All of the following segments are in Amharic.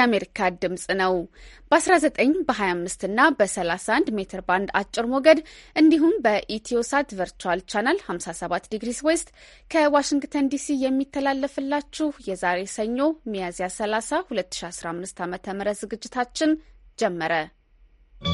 የአሜሪካ ድምፅ ነው። በ19 በ25 እና በ31 ሜትር ባንድ አጭር ሞገድ እንዲሁም በኢትዮሳት ቨርቹዋል ቻናል 57 ዲግሪስ ዌስት ከዋሽንግተን ዲሲ የሚተላለፍላችሁ የዛሬ ሰኞ ሚያዝያ 30 2015 ዓ.ም ዝግጅታችን ጀመረ። ¶¶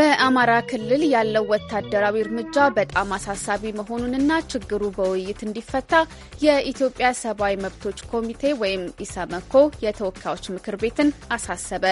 በአማራ ክልል ያለው ወታደራዊ እርምጃ በጣም አሳሳቢ መሆኑንና ችግሩ በውይይት እንዲፈታ የኢትዮጵያ ሰብአዊ መብቶች ኮሚቴ ወይም ኢሰመኮ የተወካዮች ምክር ቤትን አሳሰበ።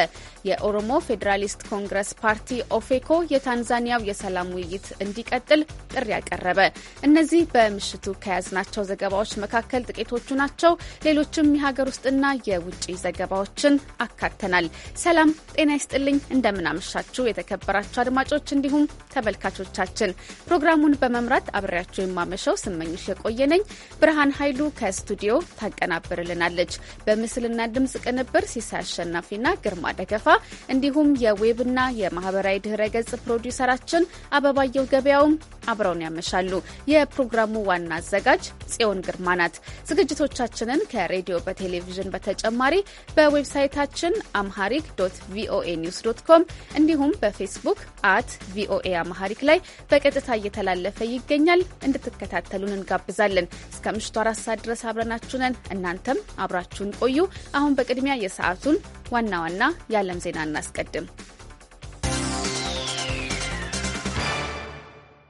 የኦሮሞ ፌዴራሊስት ኮንግረስ ፓርቲ ኦፌኮ የታንዛኒያው የሰላም ውይይት እንዲቀጥል ጥሪ ያቀረበ። እነዚህ በምሽቱ ከያዝናቸው ዘገባዎች መካከል ጥቂቶቹ ናቸው። ሌሎችም የሀገር ውስጥና የውጭ ዘገባዎችን አካተናል። ሰላም ጤና ይስጥልኝ። እንደምናመሻችሁ የተከበራችሁ የተከበራችሁ አድማጮች እንዲሁም ተመልካቾቻችን ፕሮግራሙን በመምራት አብሬያቸው የማመሸው ስመኝሽ የቆየ ነኝ። ብርሃን ኃይሉ ከስቱዲዮ ታቀናብርልናለች። በምስልና ድምጽ ቅንብር ሲሳይ አሸናፊና ግርማ ደገፋ እንዲሁም የዌብና የማህበራዊ ድህረ ገጽ ፕሮዲውሰራችን አበባየው ገበያውም አብረውን ያመሻሉ። የፕሮግራሙ ዋና አዘጋጅ ጽዮን ግርማ ናት። ዝግጅቶቻችንን ከሬዲዮ በቴሌቪዥን በተጨማሪ በዌብሳይታችን አምሃሪክ ዶት ቪኦኤ ኒውስ ዶት ኮም እንዲሁም በፌስቡክ ፌስቡክ አት ቪኦኤ አማሐሪክ ላይ በቀጥታ እየተላለፈ ይገኛል። እንድትከታተሉን እንጋብዛለን። እስከ ምሽቱ አራት ሰዓት ድረስ አብረናችሁ ነን። እናንተም አብራችሁን ቆዩ። አሁን በቅድሚያ የሰዓቱን ዋና ዋና የዓለም ዜና እናስቀድም።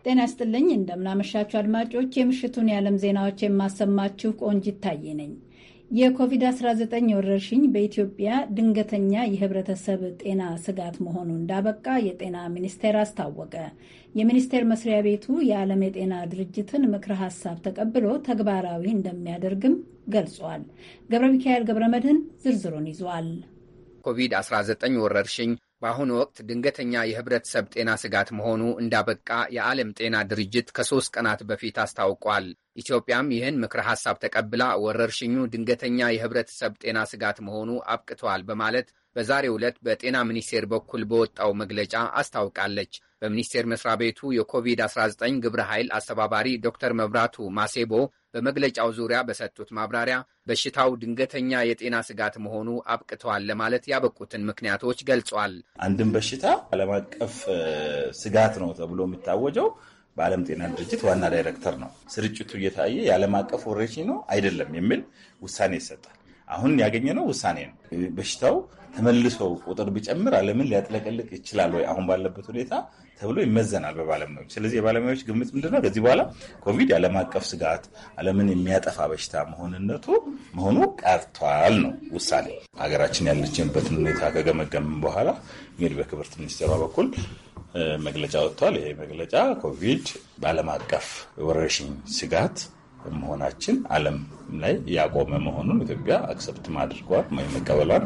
ጤና ይስጥልኝ እንደምናመሻችሁ አድማጮች፣ የምሽቱን የዓለም ዜናዎች የማሰማችሁ ቆንጅ ታዬ ነኝ። የኮቪድ-19 ወረርሽኝ በኢትዮጵያ ድንገተኛ የህብረተሰብ ጤና ስጋት መሆኑ እንዳበቃ የጤና ሚኒስቴር አስታወቀ። የሚኒስቴር መስሪያ ቤቱ የዓለም የጤና ድርጅትን ምክረ ሀሳብ ተቀብሎ ተግባራዊ እንደሚያደርግም ገልጿል። ገብረ ሚካኤል ገብረ መድህን ዝርዝሩን ይዟል። ኮቪድ-19 ወረርሽኝ በአሁኑ ወቅት ድንገተኛ የህብረተሰብ ጤና ስጋት መሆኑ እንዳበቃ የዓለም ጤና ድርጅት ከሶስት ቀናት በፊት አስታውቋል። ኢትዮጵያም ይህን ምክረ ሐሳብ ተቀብላ ወረርሽኙ ድንገተኛ የህብረተሰብ ጤና ስጋት መሆኑ አብቅተዋል በማለት በዛሬ ዕለት በጤና ሚኒስቴር በኩል በወጣው መግለጫ አስታውቃለች። በሚኒስቴር መስሪያ ቤቱ የኮቪድ-19 ግብረ ኃይል አስተባባሪ ዶክተር መብራቱ ማሴቦ በመግለጫው ዙሪያ በሰጡት ማብራሪያ በሽታው ድንገተኛ የጤና ስጋት መሆኑ አብቅተዋል ለማለት ያበቁትን ምክንያቶች ገልጿል። አንድም በሽታ ዓለም አቀፍ ስጋት ነው ተብሎ የሚታወጀው በዓለም ጤና ድርጅት ዋና ዳይሬክተር ነው። ስርጭቱ እየታየ የዓለም አቀፍ ወረርሽኝ ነው አይደለም የሚል ውሳኔ ይሰጣል። አሁን ያገኘነው ውሳኔ ነው። በሽታው ተመልሰው ቁጥር ቢጨምር ዓለምን ሊያጥለቀልቅ ይችላል ወይ አሁን ባለበት ሁኔታ ተብሎ ይመዘናል በባለሙያዎች። ስለዚህ የባለሙያዎች ግምት ምንድነው? ከዚህ በኋላ ኮቪድ የዓለም አቀፍ ስጋት ዓለምን የሚያጠፋ በሽታ መሆንነቱ መሆኑ ቀርቷል ነው ውሳኔ። ሀገራችን ያለችንበትን ሁኔታ ከገመገምን በኋላ እንግዲህ በክብርት ሚኒስቴሯ በኩል መግለጫ ወጥቷል። ይሄ መግለጫ ኮቪድ በዓለም አቀፍ ወረርሽኝ ስጋት መሆናችን ዓለም ላይ ያቆመ መሆኑን ኢትዮጵያ አክሰፕት ማድርጓል ወይም መቀበሏን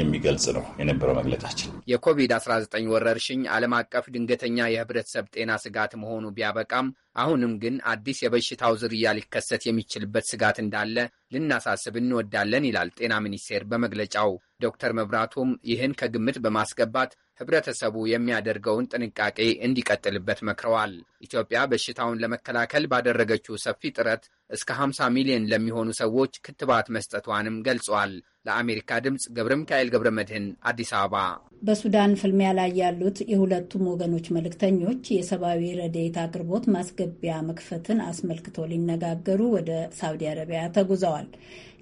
የሚገልጽ ነው የነበረው መግለጫችን። የኮቪድ-19 ወረርሽኝ ዓለም አቀፍ ድንገተኛ የህብረተሰብ ጤና ስጋት መሆኑ ቢያበቃም አሁንም ግን አዲስ የበሽታው ዝርያ ሊከሰት የሚችልበት ስጋት እንዳለ ልናሳስብ እንወዳለን ይላል ጤና ሚኒስቴር በመግለጫው። ዶክተር መብራቱም ይህን ከግምት በማስገባት ህብረተሰቡ የሚያደርገውን ጥንቃቄ እንዲቀጥልበት መክረዋል። ኢትዮጵያ በሽታውን ለመከላከል ባደረገችው ሰፊ ጥረት እስከ 50 ሚሊዮን ለሚሆኑ ሰዎች ክትባት መስጠቷንም ገልጿል። ለአሜሪካ ድምፅ ገብረ ሚካኤል ገብረ መድህን አዲስ አበባ። በሱዳን ፍልሚያ ላይ ያሉት የሁለቱም ወገኖች መልእክተኞች የሰብአዊ ረድኤት አቅርቦት ማስገቢያ መክፈትን አስመልክቶ ሊነጋገሩ ወደ ሳውዲ አረቢያ ተጉዘዋል።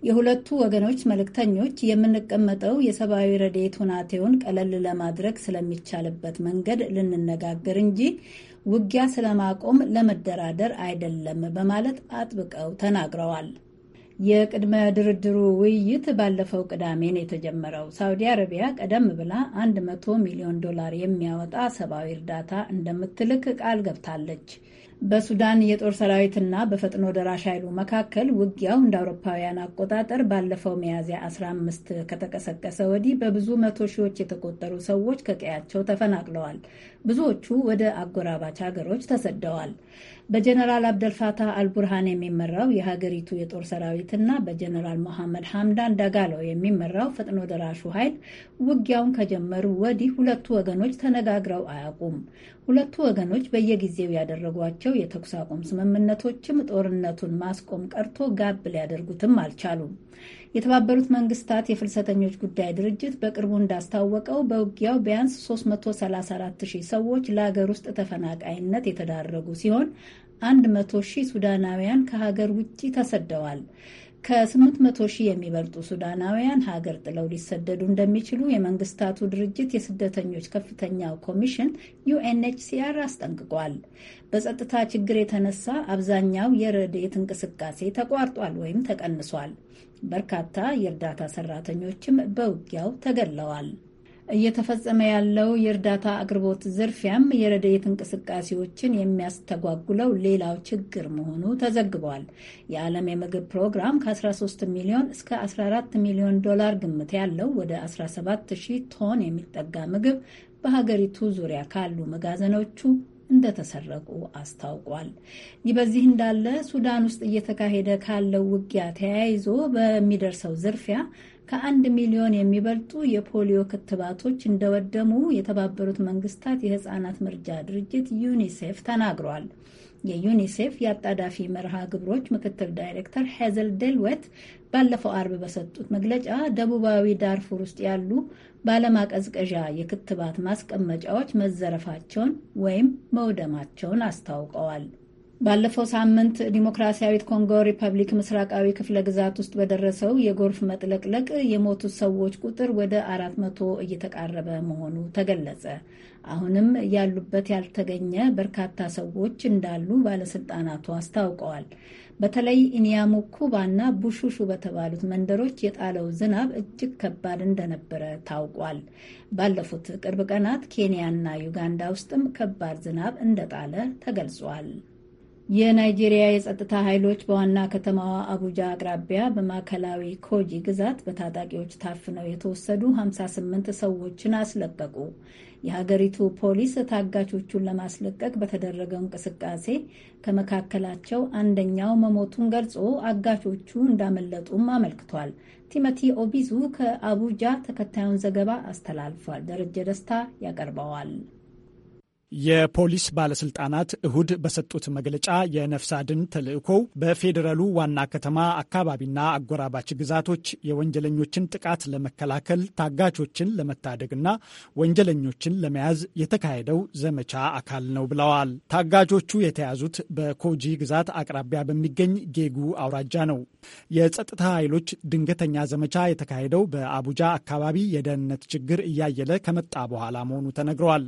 የሁለቱ ወገኖች መልእክተኞች የምንቀመጠው የሰብአዊ ረድኤት ሁናቴውን ቀለል ለማድረግ ስለሚቻልበት መንገድ ልንነጋገር እንጂ ውጊያ ስለማቆም ለመደራደር አይደለም በማለት አጥብቀው ተናግረዋል። የቅድመ ድርድሩ ውይይት ባለፈው ቅዳሜ ነው የተጀመረው። ሳውዲ አረቢያ ቀደም ብላ 100 ሚሊዮን ዶላር የሚያወጣ ሰብአዊ እርዳታ እንደምትልክ ቃል ገብታለች። በሱዳን የጦር ሰራዊትና በፈጥኖ ደራሽ ኃይሉ መካከል ውጊያው እንደ አውሮፓውያን አቆጣጠር ባለፈው ሚያዝያ 15 ከተቀሰቀሰ ወዲህ በብዙ መቶ ሺዎች የተቆጠሩ ሰዎች ከቀያቸው ተፈናቅለዋል። ብዙዎቹ ወደ አጎራባች ሀገሮች ተሰደዋል። በጀነራል አብደልፋታህ አልቡርሃን የሚመራው የሀገሪቱ የጦር ሰራዊትና በጀነራል መሐመድ ሐምዳን ዳጋሎ የሚመራው ፈጥኖ ደራሹ ኃይል ውጊያውን ከጀመሩ ወዲህ ሁለቱ ወገኖች ተነጋግረው አያውቁም። ሁለቱ ወገኖች በየጊዜው ያደረጓቸው የተኩስ አቁም ስምምነቶችም ጦርነቱን ማስቆም ቀርቶ ጋብ ሊያደርጉትም አልቻሉም። የተባበሩት መንግስታት የፍልሰተኞች ጉዳይ ድርጅት በቅርቡ እንዳስታወቀው በውጊያው ቢያንስ 334 ሺህ ሰዎች ለሀገር ውስጥ ተፈናቃይነት የተዳረጉ ሲሆን 100 ሺህ ሱዳናውያን ከሀገር ውጭ ተሰደዋል። ከ800 ሺህ የሚበልጡ ሱዳናውያን ሀገር ጥለው ሊሰደዱ እንደሚችሉ የመንግስታቱ ድርጅት የስደተኞች ከፍተኛው ኮሚሽን ዩኤንኤችሲአር አስጠንቅቋል። በጸጥታ ችግር የተነሳ አብዛኛው የረድኤት እንቅስቃሴ ተቋርጧል ወይም ተቀንሷል። በርካታ የእርዳታ ሰራተኞችም በውጊያው ተገድለዋል። እየተፈጸመ ያለው የእርዳታ አቅርቦት ዝርፊያም የረድኤት እንቅስቃሴዎችን የሚያስተጓጉለው ሌላው ችግር መሆኑ ተዘግቧል። የዓለም የምግብ ፕሮግራም ከ13 ሚሊዮን እስከ 14 ሚሊዮን ዶላር ግምት ያለው ወደ 17 ሺህ ቶን የሚጠጋ ምግብ በሀገሪቱ ዙሪያ ካሉ መጋዘኖቹ እንደተሰረቁ አስታውቋል። ይህ በዚህ እንዳለ ሱዳን ውስጥ እየተካሄደ ካለው ውጊያ ተያይዞ በሚደርሰው ዝርፊያ ከአንድ ሚሊዮን የሚበልጡ የፖሊዮ ክትባቶች እንደወደሙ የተባበሩት መንግስታት የህጻናት መርጃ ድርጅት ዩኒሴፍ ተናግሯል። የዩኒሴፍ የአጣዳፊ መርሃ ግብሮች ምክትል ዳይሬክተር ሄዘል ደልዌት ባለፈው አርብ በሰጡት መግለጫ ደቡባዊ ዳርፉር ውስጥ ያሉ ባለማቀዝቀዣ የክትባት ማስቀመጫዎች መዘረፋቸውን ወይም መውደማቸውን አስታውቀዋል። ባለፈው ሳምንት ዲሞክራሲያዊት ኮንጎ ሪፐብሊክ ምስራቃዊ ክፍለ ግዛት ውስጥ በደረሰው የጎርፍ መጥለቅለቅ የሞቱት ሰዎች ቁጥር ወደ አራት መቶ እየተቃረበ መሆኑ ተገለጸ። አሁንም ያሉበት ያልተገኘ በርካታ ሰዎች እንዳሉ ባለስልጣናቱ አስታውቀዋል። በተለይ ኢንያሙ ኩባና ቡሹሹ በተባሉት መንደሮች የጣለው ዝናብ እጅግ ከባድ እንደነበረ ታውቋል። ባለፉት ቅርብ ቀናት ኬንያና ዩጋንዳ ውስጥም ከባድ ዝናብ እንደጣለ ተገልጿል። የናይጄሪያ የጸጥታ ኃይሎች በዋና ከተማዋ አቡጃ አቅራቢያ በማዕከላዊ ኮጂ ግዛት በታጣቂዎች ታፍነው የተወሰዱ 58 ሰዎችን አስለቀቁ። የሀገሪቱ ፖሊስ ታጋቾቹን ለማስለቀቅ በተደረገው እንቅስቃሴ ከመካከላቸው አንደኛው መሞቱን ገልጾ አጋቾቹ እንዳመለጡም አመልክቷል። ቲሞቲ ኦቢዙ ከአቡጃ ተከታዩን ዘገባ አስተላልፏል። ደረጀ ደስታ ያቀርበዋል። የፖሊስ ባለስልጣናት እሁድ በሰጡት መግለጫ የነፍስ አድን ተልዕኮው በፌዴራሉ ዋና ከተማ አካባቢና አጎራባች ግዛቶች የወንጀለኞችን ጥቃት ለመከላከል ታጋቾችን ለመታደግና ወንጀለኞችን ለመያዝ የተካሄደው ዘመቻ አካል ነው ብለዋል። ታጋቾቹ የተያዙት በኮጂ ግዛት አቅራቢያ በሚገኝ ጌጉ አውራጃ ነው። የጸጥታ ኃይሎች ድንገተኛ ዘመቻ የተካሄደው በአቡጃ አካባቢ የደህንነት ችግር እያየለ ከመጣ በኋላ መሆኑ ተነግረዋል።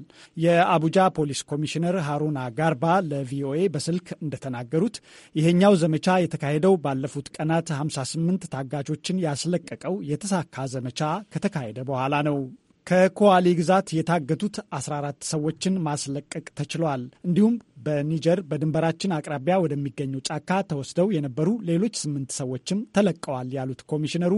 የአቡጃ ፖሊስ ኮሚሽነር ሃሩና ጋርባ ለቪኦኤ በስልክ እንደተናገሩት ይሄኛው ዘመቻ የተካሄደው ባለፉት ቀናት 58 ታጋቾችን ያስለቀቀው የተሳካ ዘመቻ ከተካሄደ በኋላ ነው። ከኮዋሊ ግዛት የታገቱት 14 ሰዎችን ማስለቀቅ ተችሏል። እንዲሁም በኒጀር በድንበራችን አቅራቢያ ወደሚገኘው ጫካ ተወስደው የነበሩ ሌሎች ስምንት ሰዎችም ተለቀዋል ያሉት ኮሚሽነሩ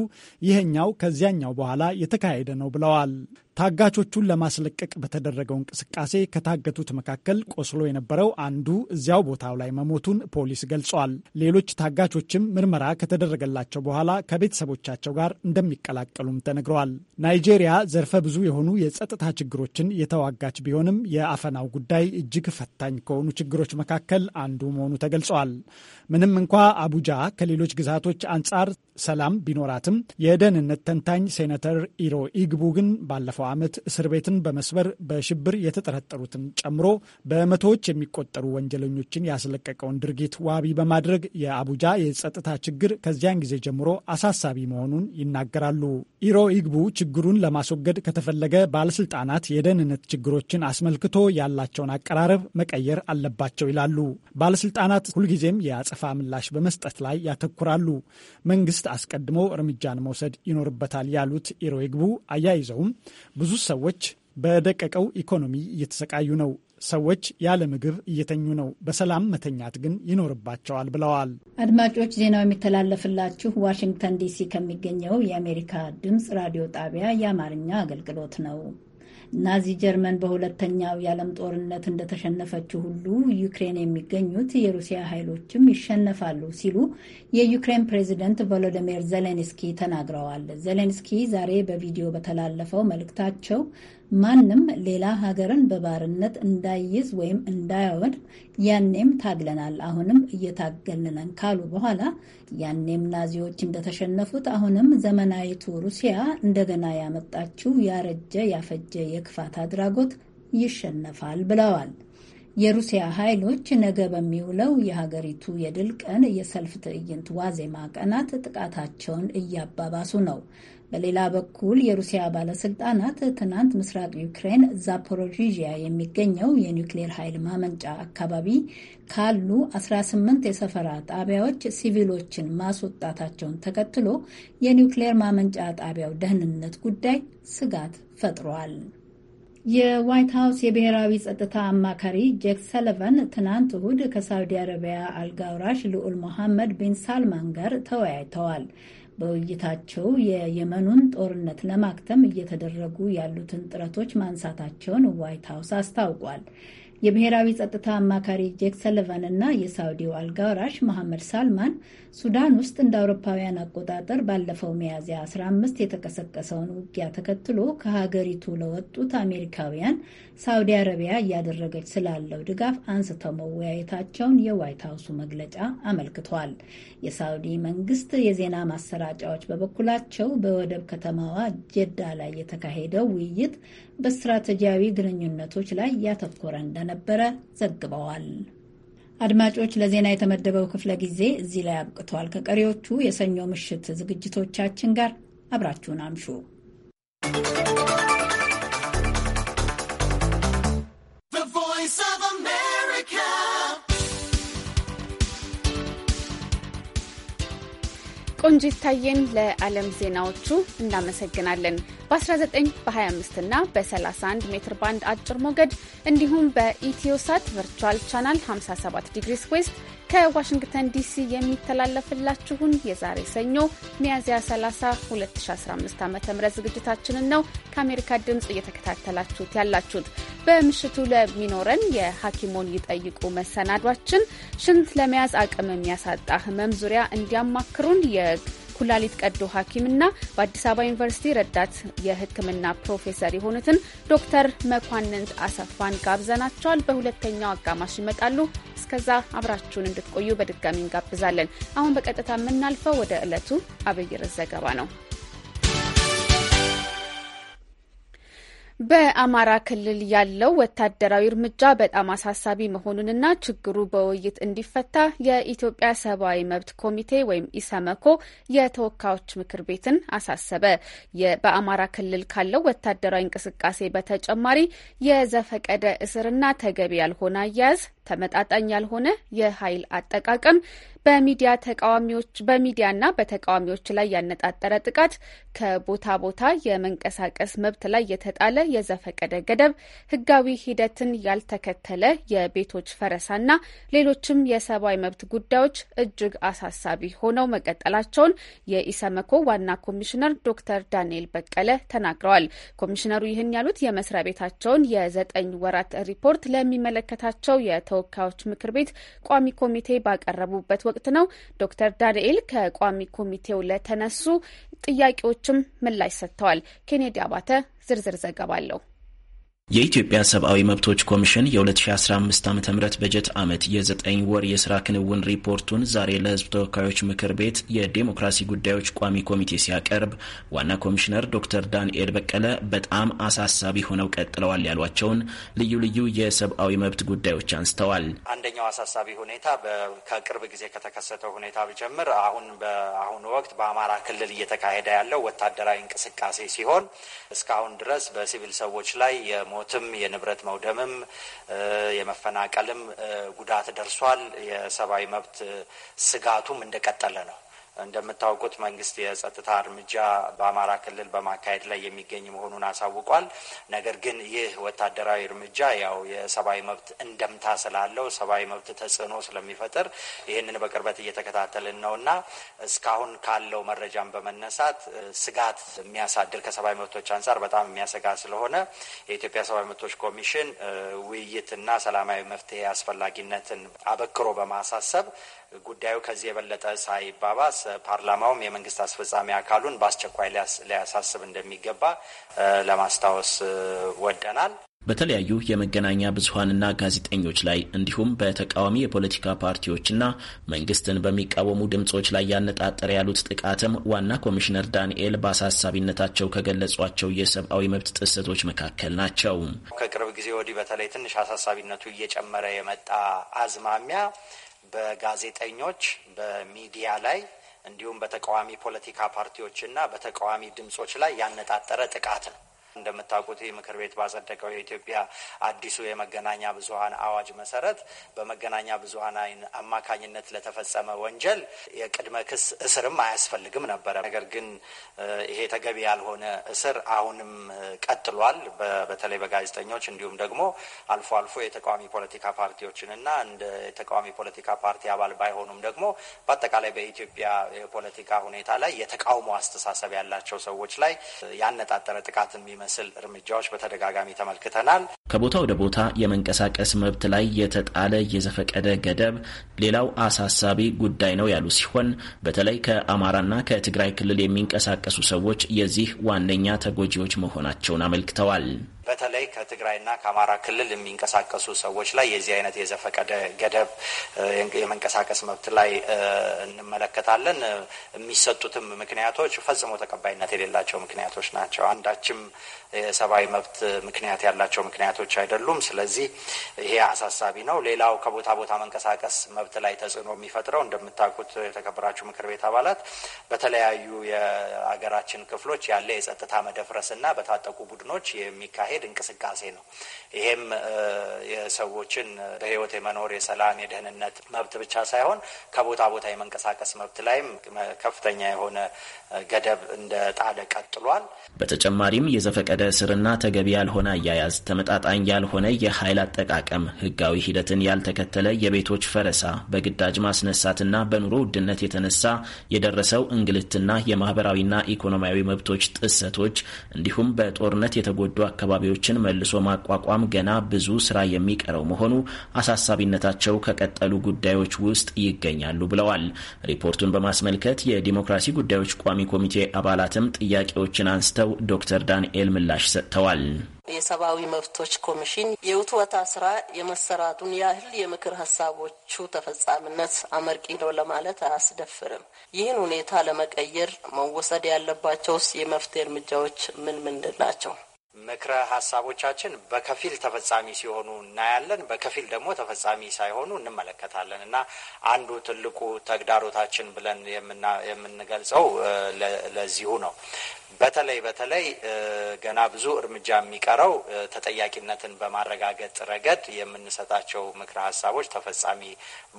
ይህኛው ከዚያኛው በኋላ የተካሄደ ነው ብለዋል። ታጋቾቹን ለማስለቀቅ በተደረገው እንቅስቃሴ ከታገቱት መካከል ቆስሎ የነበረው አንዱ እዚያው ቦታው ላይ መሞቱን ፖሊስ ገልጿል። ሌሎች ታጋቾችም ምርመራ ከተደረገላቸው በኋላ ከቤተሰቦቻቸው ጋር እንደሚቀላቀሉም ተነግረዋል። ናይጄሪያ ዘርፈ ብዙ የሆኑ የጸጥታ ችግሮችን የተዋጋች ቢሆንም የአፈናው ጉዳይ እጅግ ፈታኝ ከሆኑ ችግሮች መካከል አንዱ መሆኑ ተገልጿል። ምንም እንኳ አቡጃ ከሌሎች ግዛቶች አንጻር ሰላም ቢኖራትም የደህንነት ተንታኝ ሴኔተር ኢሮ ኢግቡ ግን ባለፈው ዓመት እስር ቤትን በመስበር በሽብር የተጠረጠሩትን ጨምሮ በመቶዎች የሚቆጠሩ ወንጀለኞችን ያስለቀቀውን ድርጊት ዋቢ በማድረግ የአቡጃ የጸጥታ ችግር ከዚያን ጊዜ ጀምሮ አሳሳቢ መሆኑን ይናገራሉ። ኢሮ ኢግቡ ችግሩን ለማስወገድ ከተፈለገ ባለስልጣናት የደህንነት ችግሮችን አስመልክቶ ያላቸውን አቀራረብ መቀየር አለባቸው ይላሉ። ባለስልጣናት ሁልጊዜም የአጸፋ ምላሽ በመስጠት ላይ ያተኩራሉ። መንግስት አስቀድሞ እርምጃን መውሰድ ይኖርበታል ያሉት ኢሮይግቡ አያይዘውም ብዙ ሰዎች በደቀቀው ኢኮኖሚ እየተሰቃዩ ነው። ሰዎች ያለ ምግብ እየተኙ ነው። በሰላም መተኛት ግን ይኖርባቸዋል ብለዋል። አድማጮች፣ ዜናው የሚተላለፍላችሁ ዋሽንግተን ዲሲ ከሚገኘው የአሜሪካ ድምፅ ራዲዮ ጣቢያ የአማርኛ አገልግሎት ነው። ናዚ ጀርመን በሁለተኛው የዓለም ጦርነት እንደተሸነፈችው ሁሉ ዩክሬን የሚገኙት የሩሲያ ኃይሎችም ይሸነፋሉ ሲሉ የዩክሬን ፕሬዚደንት ቮሎዲሚር ዜሌንስኪ ተናግረዋል። ዜሌንስኪ ዛሬ በቪዲዮ በተላለፈው መልእክታቸው ማንም ሌላ ሀገርን በባርነት እንዳይይዝ ወይም እንዳያወድ ያኔም ታግለናል፣ አሁንም እየታገልን ካሉ በኋላ ያኔም ናዚዎች እንደተሸነፉት አሁንም ዘመናዊቱ ሩሲያ እንደገና ያመጣችው ያረጀ ያፈጀ የክፋት አድራጎት ይሸነፋል ብለዋል። የሩሲያ ኃይሎች ነገ በሚውለው የሀገሪቱ የድል ቀን የሰልፍ ትዕይንት ዋዜማ ቀናት ጥቃታቸውን እያባባሱ ነው። በሌላ በኩል የሩሲያ ባለስልጣናት ትናንት ምስራቅ ዩክሬን ዛፖሮዥያ የሚገኘው የኒውክሌር ኃይል ማመንጫ አካባቢ ካሉ 18 የሰፈራ ጣቢያዎች ሲቪሎችን ማስወጣታቸውን ተከትሎ የኒውክሌር ማመንጫ ጣቢያው ደህንነት ጉዳይ ስጋት ፈጥሯል። የዋይት ሀውስ የብሔራዊ ጸጥታ አማካሪ ጄክ ሰለቨን ትናንት እሁድ ከሳውዲ አረቢያ አልጋውራሽ ልዑል ሞሐመድ ቢን ሳልማን ጋር ተወያይተዋል። በውይይታቸው የየመኑን ጦርነት ለማክተም እየተደረጉ ያሉትን ጥረቶች ማንሳታቸውን ዋይት ሀውስ አስታውቋል። የብሔራዊ ጸጥታ አማካሪ ጄክ ሰለቫን እና የሳውዲው አልጋውራሽ መሐመድ ሳልማን ሱዳን ውስጥ እንደ አውሮፓውያን አቆጣጠር ባለፈው ሚያዝያ 15 የተቀሰቀሰውን ውጊያ ተከትሎ ከሀገሪቱ ለወጡት አሜሪካውያን ሳውዲ አረቢያ እያደረገች ስላለው ድጋፍ አንስተው መወያየታቸውን የዋይት ሀውሱ መግለጫ አመልክቷል። የሳውዲ መንግስት የዜና ማሰራጫዎች በበኩላቸው በወደብ ከተማዋ ጀዳ ላይ የተካሄደው ውይይት በስትራቴጂያዊ ግንኙነቶች ላይ ያተኮረ እንደነበረ ዘግበዋል። አድማጮች፣ ለዜና የተመደበው ክፍለ ጊዜ እዚህ ላይ አብቅተዋል። ከቀሪዎቹ የሰኞ ምሽት ዝግጅቶቻችን ጋር አብራችሁን አምሹ። ቆንጂት ታየን ለዓለም ዜናዎቹ እናመሰግናለን። በ19 በ25 እና በ31 ሜትር ባንድ አጭር ሞገድ እንዲሁም በኢትዮሳት ቨርቹዋል ቻናል 57 ዲግሪስ ዌስት ከዋሽንግተን ዲሲ የሚተላለፍላችሁን የዛሬ ሰኞ ሚያዝያ 30 2015 ዓ ም ዝግጅታችንን ነው ከአሜሪካ ድምፅ እየተከታተላችሁት ያላችሁት። በምሽቱ ለሚኖረን የሐኪሞን ይጠይቁ መሰናዷችን ሽንት ለመያዝ አቅም የሚያሳጣ ህመም ዙሪያ እንዲያማክሩን የኩላሊት ቀዶ ሐኪምና በአዲስ አበባ ዩኒቨርሲቲ ረዳት የሕክምና ፕሮፌሰር የሆኑትን ዶክተር መኳንንት አሰፋን ጋብዘናቸዋል። በሁለተኛው አጋማሽ ይመጣሉ። እስከዛ አብራችሁን እንድትቆዩ በድጋሚ እንጋብዛለን። አሁን በቀጥታ የምናልፈው ወደ ዕለቱ አብይ ርዕስ ዘገባ ነው። በአማራ ክልል ያለው ወታደራዊ እርምጃ በጣም አሳሳቢ መሆኑንና ችግሩ በውይይት እንዲፈታ የኢትዮጵያ ሰብአዊ መብት ኮሚቴ ወይም ኢሰመኮ የተወካዮች ምክር ቤትን አሳሰበ። በአማራ ክልል ካለው ወታደራዊ እንቅስቃሴ በተጨማሪ የዘፈቀደ እስርና ተገቢ ያልሆነ አያያዝ ተመጣጣኝ ያልሆነ የኃይል አጠቃቀም በሚዲያ ተቃዋሚዎች በሚዲያና በተቃዋሚዎች ላይ ያነጣጠረ ጥቃት፣ ከቦታ ቦታ የመንቀሳቀስ መብት ላይ የተጣለ የዘፈቀደ ገደብ፣ ህጋዊ ሂደትን ያልተከተለ የቤቶች ፈረሳና ሌሎችም የሰብአዊ መብት ጉዳዮች እጅግ አሳሳቢ ሆነው መቀጠላቸውን የኢሰመኮ ዋና ኮሚሽነር ዶክተር ዳንኤል በቀለ ተናግረዋል። ኮሚሽነሩ ይህን ያሉት የመስሪያ ቤታቸውን የዘጠኝ ወራት ሪፖርት ለሚመለከታቸው የተ ተወካዮች ምክር ቤት ቋሚ ኮሚቴ ባቀረቡበት ወቅት ነው። ዶክተር ዳንኤል ከቋሚ ኮሚቴው ለተነሱ ጥያቄዎችም ምላሽ ሰጥተዋል። ኬኔዲ አባተ ዝርዝር ዘገባ አለው። የኢትዮጵያ ሰብአዊ መብቶች ኮሚሽን የ2015 ዓ ም በጀት ዓመት የዘጠኝ ወር የስራ ክንውን ሪፖርቱን ዛሬ ለሕዝብ ተወካዮች ምክር ቤት የዴሞክራሲ ጉዳዮች ቋሚ ኮሚቴ ሲያቀርብ ዋና ኮሚሽነር ዶክተር ዳንኤል በቀለ በጣም አሳሳቢ ሆነው ቀጥለዋል ያሏቸውን ልዩ ልዩ የሰብአዊ መብት ጉዳዮች አንስተዋል። አንደኛው አሳሳቢ ሁኔታ ከቅርብ ጊዜ ከተከሰተው ሁኔታ ብጀምር አሁን በአሁኑ ወቅት በአማራ ክልል እየተካሄደ ያለው ወታደራዊ እንቅስቃሴ ሲሆን እስካሁን ድረስ በሲቪል ሰዎች ላይ የሞትም የንብረት መውደምም የመፈናቀልም ጉዳት ደርሷል። የሰብአዊ መብት ስጋቱም እንደቀጠለ ነው። እንደምታውቁት መንግስት የጸጥታ እርምጃ በአማራ ክልል በማካሄድ ላይ የሚገኝ መሆኑን አሳውቋል። ነገር ግን ይህ ወታደራዊ እርምጃ ያው የሰብአዊ መብት እንደምታ ስላለው ሰብአዊ መብት ተጽዕኖ ስለሚፈጥር ይህንን በቅርበት እየተከታተልን ነውና እስካሁን ካለው መረጃን በመነሳት ስጋት የሚያሳድር ከሰብአዊ መብቶች አንጻር በጣም የሚያሰጋ ስለሆነ የኢትዮጵያ ሰብአዊ መብቶች ኮሚሽን ውይይትና ሰላማዊ መፍትሄ አስፈላጊነትን አበክሮ በማሳሰብ ጉዳዩ ከዚህ የበለጠ ሳይባባስ ፓርላማውም የመንግስት አስፈጻሚ አካሉን በአስቸኳይ ሊያሳስብ እንደሚገባ ለማስታወስ ወደናል። በተለያዩ የመገናኛ ብዙሀንና ጋዜጠኞች ላይ እንዲሁም በተቃዋሚ የፖለቲካ ፓርቲዎችና መንግስትን በሚቃወሙ ድምፆች ላይ ያነጣጠረ ያሉት ጥቃትም ዋና ኮሚሽነር ዳንኤል በአሳሳቢነታቸው ከገለጿቸው የሰብአዊ መብት ጥሰቶች መካከል ናቸው። ከቅርብ ጊዜ ወዲህ በተለይ ትንሽ አሳሳቢነቱ እየጨመረ የመጣ አዝማሚያ በጋዜጠኞች በሚዲያ ላይ እንዲሁም በተቃዋሚ ፖለቲካ ፓርቲዎችና በተቃዋሚ ድምጾች ላይ ያነጣጠረ ጥቃት ነው። እንደምታውቁት ምክር ቤት ባጸደቀው የኢትዮጵያ አዲሱ የመገናኛ ብዙሀን አዋጅ መሰረት በመገናኛ አይን አማካኝነት ለተፈጸመ ወንጀል የቅድመ ክስ እስርም አያስፈልግም ነበረ። ነገር ግን ይሄ ተገቢ ያልሆነ እስር አሁንም ቀጥሏል። በተለይ በጋዜጠኞች እንዲሁም ደግሞ አልፎ አልፎ የተቃዋሚ ፖለቲካ ፓርቲዎችንና እንደ የተቃዋሚ ፖለቲካ ፓርቲ አባል ባይሆኑም ደግሞ በአጠቃላይ በኢትዮጵያ የፖለቲካ ሁኔታ ላይ የተቃውሞ አስተሳሰብ ያላቸው ሰዎች ላይ ያነጣጠረ ጥቃት የሚመ የሚመስል እርምጃዎች በተደጋጋሚ ተመልክተናል። ከቦታ ወደ ቦታ የመንቀሳቀስ መብት ላይ የተጣለ የዘፈቀደ ገደብ ሌላው አሳሳቢ ጉዳይ ነው ያሉ ሲሆን በተለይ ከአማራና ከትግራይ ክልል የሚንቀሳቀሱ ሰዎች የዚህ ዋነኛ ተጎጂዎች መሆናቸውን አመልክተዋል። በተለይ ከትግራይና ከአማራ ክልል የሚንቀሳቀሱ ሰዎች ላይ የዚህ አይነት የዘፈቀደ ገደብ የመንቀሳቀስ መብት ላይ እንመለከታለን። የሚሰጡትም ምክንያቶች ፈጽሞ ተቀባይነት የሌላቸው ምክንያቶች ናቸው። አንዳችም የሰብአዊ መብት ምክንያት ያላቸው ምክንያት ምክንያቶች አይደሉም። ስለዚህ ይሄ አሳሳቢ ነው። ሌላው ከቦታ ቦታ መንቀሳቀስ መብት ላይ ተጽዕኖ የሚፈጥረው እንደምታውቁት የተከበራችሁ ምክር ቤት አባላት በተለያዩ የአገራችን ክፍሎች ያለ የጸጥታ መደፍረስና በታጠቁ ቡድኖች የሚካሄድ እንቅስቃሴ ነው። ይሄም የሰዎችን በህይወት የመኖር የሰላም፣ የደህንነት መብት ብቻ ሳይሆን ከቦታ ቦታ የመንቀሳቀስ መብት ላይም ከፍተኛ የሆነ ገደብ እንደ ጣለ ቀጥሏል። በተጨማሪም የዘፈቀደ እስርና ተገቢ ያልሆነ አያያዝ ተመጣጣ ተመጣጣኝ ያልሆነ የኃይል አጠቃቀም፣ ህጋዊ ሂደትን ያልተከተለ የቤቶች ፈረሳ፣ በግዳጅ ማስነሳትና በኑሮ ውድነት የተነሳ የደረሰው እንግልትና የማህበራዊና ኢኮኖሚያዊ መብቶች ጥሰቶች እንዲሁም በጦርነት የተጎዱ አካባቢዎችን መልሶ ማቋቋም ገና ብዙ ስራ የሚቀረው መሆኑ አሳሳቢነታቸው ከቀጠሉ ጉዳዮች ውስጥ ይገኛሉ ብለዋል። ሪፖርቱን በማስመልከት የዲሞክራሲ ጉዳዮች ቋሚ ኮሚቴ አባላትም ጥያቄዎችን አንስተው ዶክተር ዳንኤል ምላሽ ሰጥተዋል። የሰብአዊ መብቶች ኮሚሽን የውትወታ ስራ የመሰራቱን ያህል የምክር ሀሳቦቹ ተፈጻሚነት አመርቂ ነው ለማለት አያስደፍርም። ይህን ሁኔታ ለመቀየር መወሰድ ያለባቸውስ የመፍትሄ እርምጃዎች ምን ምንድን ናቸው? ምክረ ሀሳቦቻችን በከፊል ተፈጻሚ ሲሆኑ እናያለን፣ በከፊል ደግሞ ተፈጻሚ ሳይሆኑ እንመለከታለን እና አንዱ ትልቁ ተግዳሮታችን ብለን የምንገልጸው ለዚሁ ነው። በተለይ በተለይ ገና ብዙ እርምጃ የሚቀረው ተጠያቂነትን በማረጋገጥ ረገድ የምንሰጣቸው ምክረ ሀሳቦች ተፈጻሚ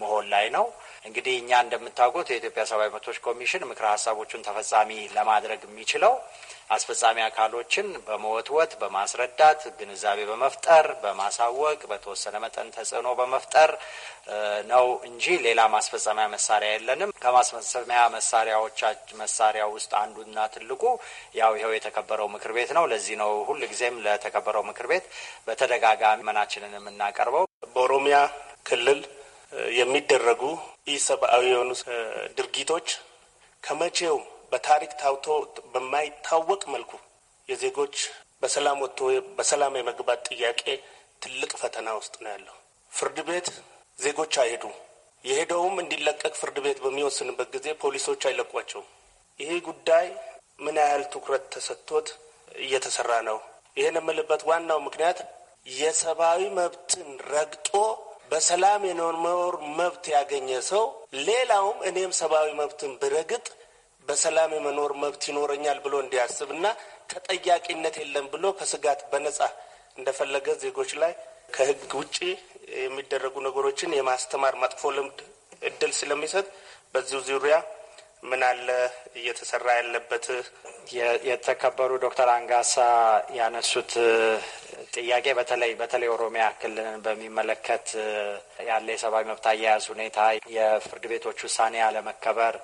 መሆን ላይ ነው። እንግዲህ እኛ እንደምታውቁት የኢትዮጵያ ሰብአዊ መብቶች ኮሚሽን ምክረ ሀሳቦቹን ተፈጻሚ ለማድረግ የሚችለው አስፈጻሚ አካሎችን በመወትወት በማስረዳት ግንዛቤ በመፍጠር በማሳወቅ በተወሰነ መጠን ተጽዕኖ በመፍጠር ነው እንጂ ሌላ ማስፈጸሚያ መሳሪያ የለንም። ከማስፈጸሚያ መሳሪያዎች መሳሪያ ውስጥ አንዱና ትልቁ ያው ይኸው የተከበረው ምክር ቤት ነው። ለዚህ ነው ጊዜም ለተከበረው ምክር ቤት በተደጋጋሚ መናችንን የምናቀርበው በኦሮሚያ ክልል የሚደረጉ ኢሰብአዊ የሆኑ ድርጊቶች ከመቼው በታሪክ ታውቶ በማይታወቅ መልኩ የዜጎች በሰላም ወጥቶ በሰላም የመግባት ጥያቄ ትልቅ ፈተና ውስጥ ነው ያለው። ፍርድ ቤት ዜጎች አይሄዱ የሄደውም እንዲለቀቅ ፍርድ ቤት በሚወስንበት ጊዜ ፖሊሶች አይለቋቸውም። ይህ ጉዳይ ምን ያህል ትኩረት ተሰጥቶት እየተሰራ ነው? ይህን የምልበት ዋናው ምክንያት የሰብአዊ መብትን ረግጦ በሰላም የመኖር መብት ያገኘ ሰው ሌላውም እኔም ሰብአዊ መብትን ብረግጥ በሰላም የመኖር መብት ይኖረኛል ብሎ እንዲያስብና ተጠያቂነት የለም ብሎ ከስጋት በነጻ እንደፈለገ ዜጎች ላይ ከህግ ውጭ የሚደረጉ ነገሮችን የማስተማር መጥፎ ልምድ እድል ስለሚሰጥ በዚሁ ዙሪያ ምን አለ እየተሰራ ያለበት። የተከበሩ ዶክተር አንጋሳ ያነሱት ጥያቄ በተለይ በተለይ ኦሮሚያ ክልልን በሚመለከት ያለ የሰብአዊ መብት አያያዝ ሁኔታ፣ የፍርድ ቤቶች ውሳኔ አለመከበር፣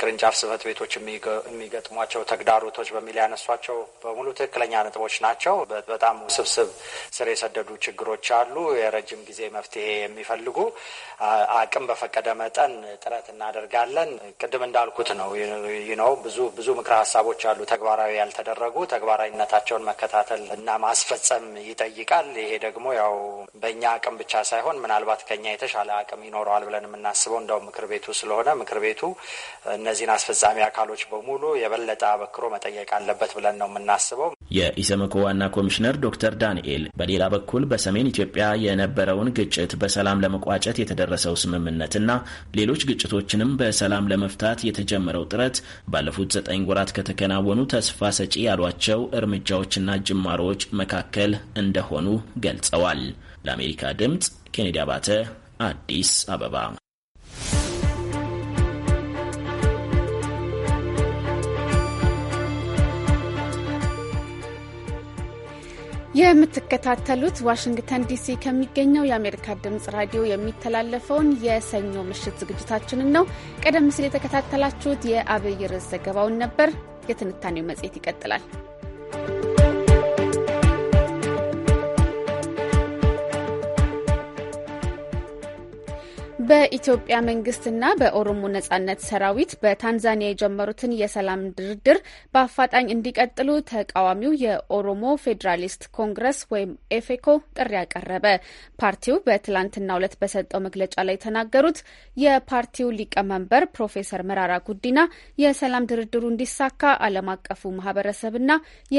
ቅርንጫፍ ጽህፈት ቤቶች የሚገጥሟቸው ተግዳሮቶች በሚል ያነሷቸው በሙሉ ትክክለኛ ነጥቦች ናቸው። በጣም ውስብስብ ስር የሰደዱ ችግሮች አሉ። የረጅም ጊዜ መፍትሄ የሚፈልጉ አቅም በፈቀደ መጠን ጥረት እናደርጋለን። ቅድም እንዳልኩት ነው ነው ብዙ ብዙ ምክረ ሀሳቦች አሉ ተግባራዊ ያልተደረጉ ተግባራዊነታቸውን መከታተል እና ማስፈጸም ይጠይቃል። ይሄ ደግሞ ያው በእኛ አቅም ብቻ ሳይሆን ምናልባት ለመስራት ከኛ የተሻለ አቅም ይኖረዋል ብለን የምናስበው እንደውም ምክር ቤቱ ስለሆነ ምክር ቤቱ እነዚህን አስፈጻሚ አካሎች በሙሉ የበለጠ አበክሮ መጠየቅ አለበት ብለን ነው የምናስበው። የኢሰመኮ ዋና ኮሚሽነር ዶክተር ዳንኤል በሌላ በኩል በሰሜን ኢትዮጵያ የነበረውን ግጭት በሰላም ለመቋጨት የተደረሰው ስምምነትና ሌሎች ግጭቶችንም በሰላም ለመፍታት የተጀመረው ጥረት ባለፉት ዘጠኝ ወራት ከተከናወኑ ተስፋ ሰጪ ያሏቸው እርምጃዎችና ጅማሮዎች መካከል እንደሆኑ ገልጸዋል። ለአሜሪካ ድምጽ ኬኔዲ አባተ አዲስ አበባ የምትከታተሉት ዋሽንግተን ዲሲ ከሚገኘው የአሜሪካ ድምጽ ራዲዮ የሚተላለፈውን የሰኞ ምሽት ዝግጅታችንን ነው። ቀደም ሲል የተከታተላችሁት የአብይ ርዕስ ዘገባውን ነበር። የትንታኔው መጽሔት ይቀጥላል። በኢትዮጵያ መንግስትና በኦሮሞ ነጻነት ሰራዊት በታንዛኒያ የጀመሩትን የሰላም ድርድር በአፋጣኝ እንዲቀጥሉ ተቃዋሚው የኦሮሞ ፌዴራሊስት ኮንግረስ ወይም ኤፌኮ ጥሪ ያቀረበ ፓርቲው በትላንትና ዕለት በሰጠው መግለጫ ላይ የተናገሩት የፓርቲው ሊቀመንበር ፕሮፌሰር መራራ ጉዲና የሰላም ድርድሩ እንዲሳካ ዓለም አቀፉ ማህበረሰብና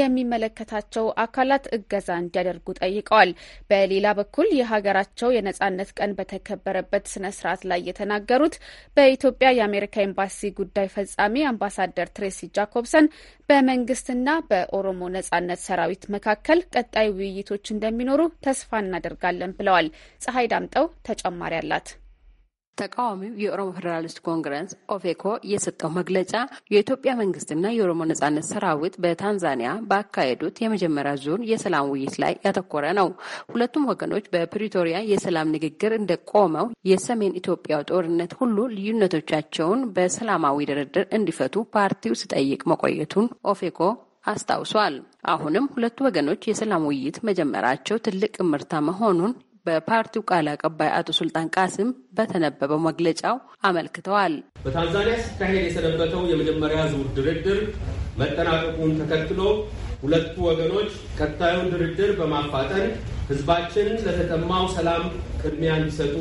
የሚመለከታቸው አካላት እገዛ እንዲያደርጉ ጠይቀዋል። በሌላ በኩል የሀገራቸው የነጻነት ቀን በተከበረበት ስነ ስርዓት ላይ የተናገሩት በኢትዮጵያ የአሜሪካ ኤምባሲ ጉዳይ ፈጻሚ አምባሳደር ትሬሲ ጃኮብሰን በመንግስትና በኦሮሞ ነጻነት ሰራዊት መካከል ቀጣይ ውይይቶች እንደሚኖሩ ተስፋ እናደርጋለን ብለዋል። ፀሐይ ዳምጠው ተጨማሪ አላት። ተቃዋሚው የኦሮሞ ፌዴራሊስት ኮንግረስ ኦፌኮ የሰጠው መግለጫ የኢትዮጵያ መንግስትና የኦሮሞ ነጻነት ሰራዊት በታንዛኒያ ባካሄዱት የመጀመሪያ ዙር የሰላም ውይይት ላይ ያተኮረ ነው። ሁለቱም ወገኖች በፕሪቶሪያ የሰላም ንግግር እንደቆመው የሰሜን ኢትዮጵያው ጦርነት ሁሉ ልዩነቶቻቸውን በሰላማዊ ድርድር እንዲፈቱ ፓርቲው ሲጠይቅ መቆየቱን ኦፌኮ አስታውሷል። አሁንም ሁለቱ ወገኖች የሰላም ውይይት መጀመራቸው ትልቅ እምርታ መሆኑን በፓርቲው ቃል አቀባይ አቶ ሱልጣን ቃስም በተነበበው መግለጫው አመልክተዋል። በታንዛኒያ ሲካሄድ የሰነበተው የመጀመሪያ ዙር ድርድር መጠናቀቁን ተከትሎ ሁለቱ ወገኖች ቀጣዩን ድርድር በማፋጠን ሕዝባችን ለተጠማው ሰላም ቅድሚያ እንዲሰጡ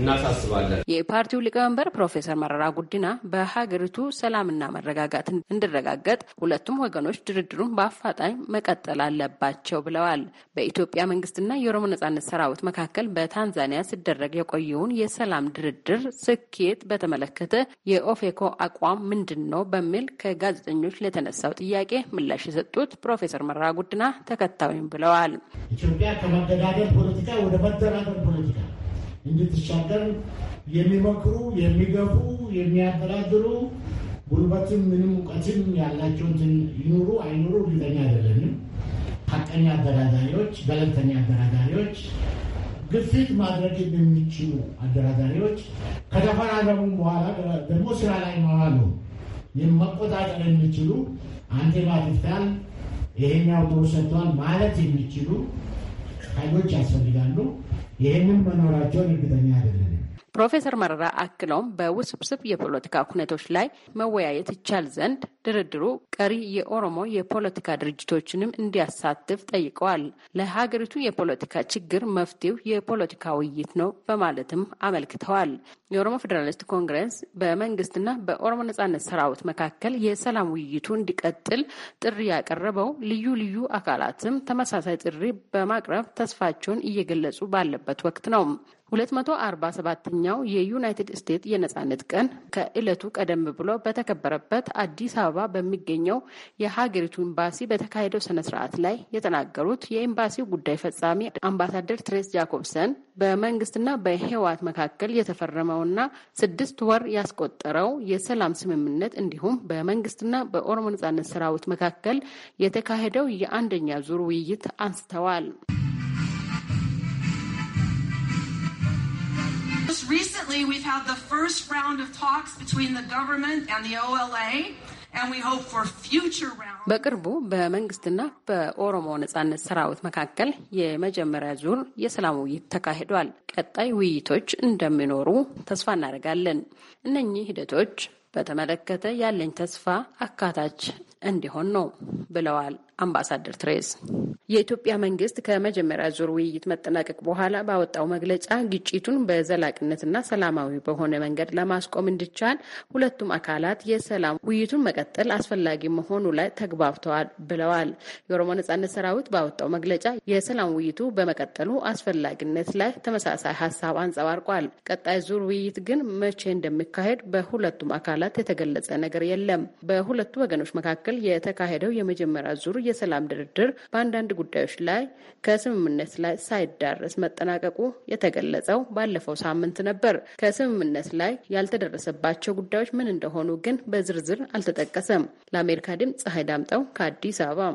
እናሳስባለን። የፓርቲው ሊቀመንበር ፕሮፌሰር መረራ ጉዲና በሀገሪቱ ሰላምና መረጋጋት እንዲረጋገጥ ሁለቱም ወገኖች ድርድሩን በአፋጣኝ መቀጠል አለባቸው ብለዋል። በኢትዮጵያ መንግስትና የኦሮሞ ነጻነት ሰራዊት መካከል በታንዛኒያ ሲደረግ የቆየውን የሰላም ድርድር ስኬት በተመለከተ የኦፌኮ አቋም ምንድን ነው በሚል ከጋዜጠኞች ለተነሳው ጥያቄ ምላሽ የሰጡት ፕሮፌሰር መረራ ጉዲና ተከታዩም ብለዋል። ኢትዮጵያ ከመገዳደር ፖለቲካ ወደ መደራደር ፖለቲካ እንድትሻገር የሚመክሩ የሚገፉ፣ የሚያደራድሩ ጉልበትም ምንም እውቀትም ያላቸውትን ይኑሩ አይኑሩ እርግጠኛ አይደለንም። ሀቀኛ አደራዳሪዎች፣ ገለልተኛ አደራዳሪዎች፣ ግፊት ማድረግ የሚችሉ አደራዳሪዎች ከተፈራረሙ በኋላ ደግሞ ስራ ላይ መዋሉ የመቆጣጠር የሚችሉ አንቴ ባትፍታል ይሄኛው ጥሩ ሰጥቷል ማለት የሚችሉ ኃይሎች ያስፈልጋሉ። ይህንም መኖራቸውን እርግጠኛ አይደለንም። ፕሮፌሰር መረራ አክለውም በውስብስብ የፖለቲካ ኩነቶች ላይ መወያየት ይቻል ዘንድ ድርድሩ ቀሪ የኦሮሞ የፖለቲካ ድርጅቶችንም እንዲያሳትፍ ጠይቀዋል። ለሀገሪቱ የፖለቲካ ችግር መፍትሄው የፖለቲካ ውይይት ነው በማለትም አመልክተዋል። የኦሮሞ ፌዴራሊስት ኮንግረስ በመንግስትና በኦሮሞ ነጻነት ሰራዊት መካከል የሰላም ውይይቱ እንዲቀጥል ጥሪ ያቀረበው ልዩ ልዩ አካላትም ተመሳሳይ ጥሪ በማቅረብ ተስፋቸውን እየገለጹ ባለበት ወቅት ነው። 247ኛው የዩናይትድ ስቴትስ የነጻነት ቀን ከዕለቱ ቀደም ብሎ በተከበረበት አዲስ አበባ በሚገኘው የሀገሪቱ ኤምባሲ በተካሄደው ስነ ስርዓት ላይ የተናገሩት የኤምባሲው ጉዳይ ፈጻሚ አምባሳደር ትሬስ ጃኮብሰን በመንግስትና በህወሓት መካከል የተፈረመውና ስድስት ወር ያስቆጠረው የሰላም ስምምነት እንዲሁም በመንግስትና በኦሮሞ ነጻነት ሰራዊት መካከል የተካሄደው የአንደኛ ዙር ውይይት አንስተዋል። Recently, we've had the first round of talks between the government and the OLA. በቅርቡ በመንግስትና በኦሮሞ ነጻነት ሰራዊት መካከል የመጀመሪያ ዙር የሰላም ውይይት ተካሂዷል። ቀጣይ ውይይቶች እንደሚኖሩ ተስፋ እናደርጋለን። እነኚህ ሂደቶች በተመለከተ ያለኝ ተስፋ አካታች እንዲሆን ነው ብለዋል አምባሳደር ትሬዝ የኢትዮጵያ መንግስት ከመጀመሪያ ዙር ውይይት መጠናቀቅ በኋላ ባወጣው መግለጫ ግጭቱን በዘላቂነትና ሰላማዊ በሆነ መንገድ ለማስቆም እንዲቻል ሁለቱም አካላት የሰላም ውይይቱን መቀጠል አስፈላጊ መሆኑ ላይ ተግባብተዋል ብለዋል። የኦሮሞ ነጻነት ሰራዊት ባወጣው መግለጫ የሰላም ውይይቱ በመቀጠሉ አስፈላጊነት ላይ ተመሳሳይ ሀሳብ አንጸባርቋል። ቀጣይ ዙር ውይይት ግን መቼ እንደሚካሄድ በሁለቱም አካላት የተገለጸ ነገር የለም። በሁለቱ ወገኖች መካከል የተካሄደው የመጀመሪያ ዙር የሰላም ድርድር በአንዳንድ ጉዳዮች ላይ ከስምምነት ላይ ሳይዳረስ መጠናቀቁ የተገለጸው ባለፈው ሳምንት ነበር። ከስምምነት ላይ ያልተደረሰባቸው ጉዳዮች ምን እንደሆኑ ግን በዝርዝር አልተጠቀሰም። ለአሜሪካ ድምፅ ፀሐይ ዳምጠው ከአዲስ አበባ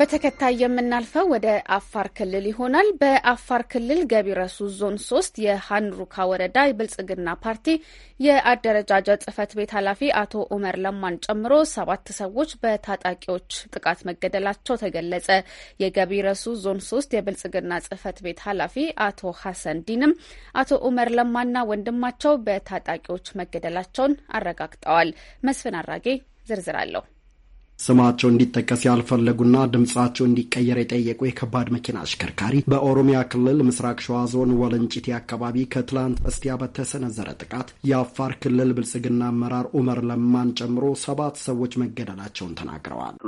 በተከታይ የምናልፈው ወደ አፋር ክልል ይሆናል። በአፋር ክልል ገቢረሱ ዞን ሶስት የሀንሩካ ወረዳ የብልጽግና ፓርቲ የአደረጃጀት ጽህፈት ቤት ኃላፊ አቶ ኡመር ለማን ጨምሮ ሰባት ሰዎች በታጣቂዎች ጥቃት መገደላቸው ተገለጸ። የገቢረሱ ዞን ሶስት የብልጽግና ጽህፈት ቤት ኃላፊ አቶ ሀሰን ዲንም አቶ ኡመር ለማና ወንድማቸው በታጣቂዎች መገደላቸውን አረጋግጠዋል። መስፍን አራጌ ዝርዝር አለው። ስማቸው እንዲጠቀስ ያልፈለጉና ድምጻቸው እንዲቀየር የጠየቁ የከባድ መኪና አሽከርካሪ በኦሮሚያ ክልል ምስራቅ ሸዋ ዞን ወለንጭቴ አካባቢ ከትላንት በስቲያ በተሰነዘረ ጥቃት የአፋር ክልል ብልጽግና አመራር ኡመር ለማን ጨምሮ ሰባት ሰዎች መገደላቸውን ተናግረዋል።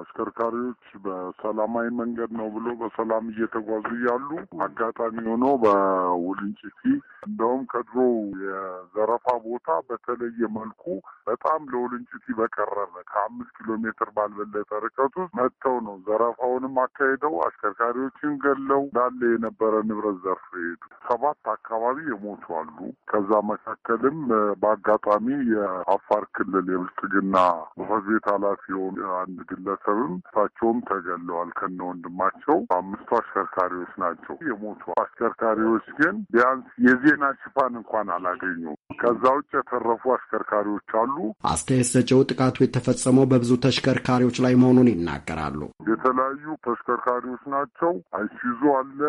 አሽከርካሪዎች በሰላማዊ መንገድ ነው ብሎ በሰላም እየተጓዙ እያሉ አጋጣሚ ሆኖ በውልንጭቲ እንደውም ከድሮ የዘረፋ ቦታ በተለየ መልኩ በጣም ለውልንጭቲ በቀረበ ከአምስት ኪሎ ሜትር ባልበለጠ ርቀት ውስጥ መጥተው ነው ዘረፋውንም አካሂደው አሽከርካሪዎችን ገለው ዳለ የነበረ ንብረት ዘርፍ ሄዱ። ሰባት አካባቢ የሞቱ አሉ። ከዛ መካከልም በአጋጣሚ የአፋር ክልል የብልጽግና ጽሕፈት ቤት ኃላፊ የሆኑ አንድ ግለሰብም እሳቸውም ተገለዋል። ከነ ወንድማቸው አምስቱ አሽከርካሪዎች ናቸው የሞቱ አሽከርካሪዎች ግን ቢያንስ የዜና ሽፋን እንኳን አላገኙም። ከዛ ውጭ የተረፉ አሽከርካሪዎች አሉ። አስተያየት ሰጪው ጥቃቱ የተፈጸመው በብዙ ተሽከርካሪዎች ላይ መሆኑን ይናገራሉ። የተለያዩ ተሽከርካሪዎች ናቸው። አይሲዞ አለ፣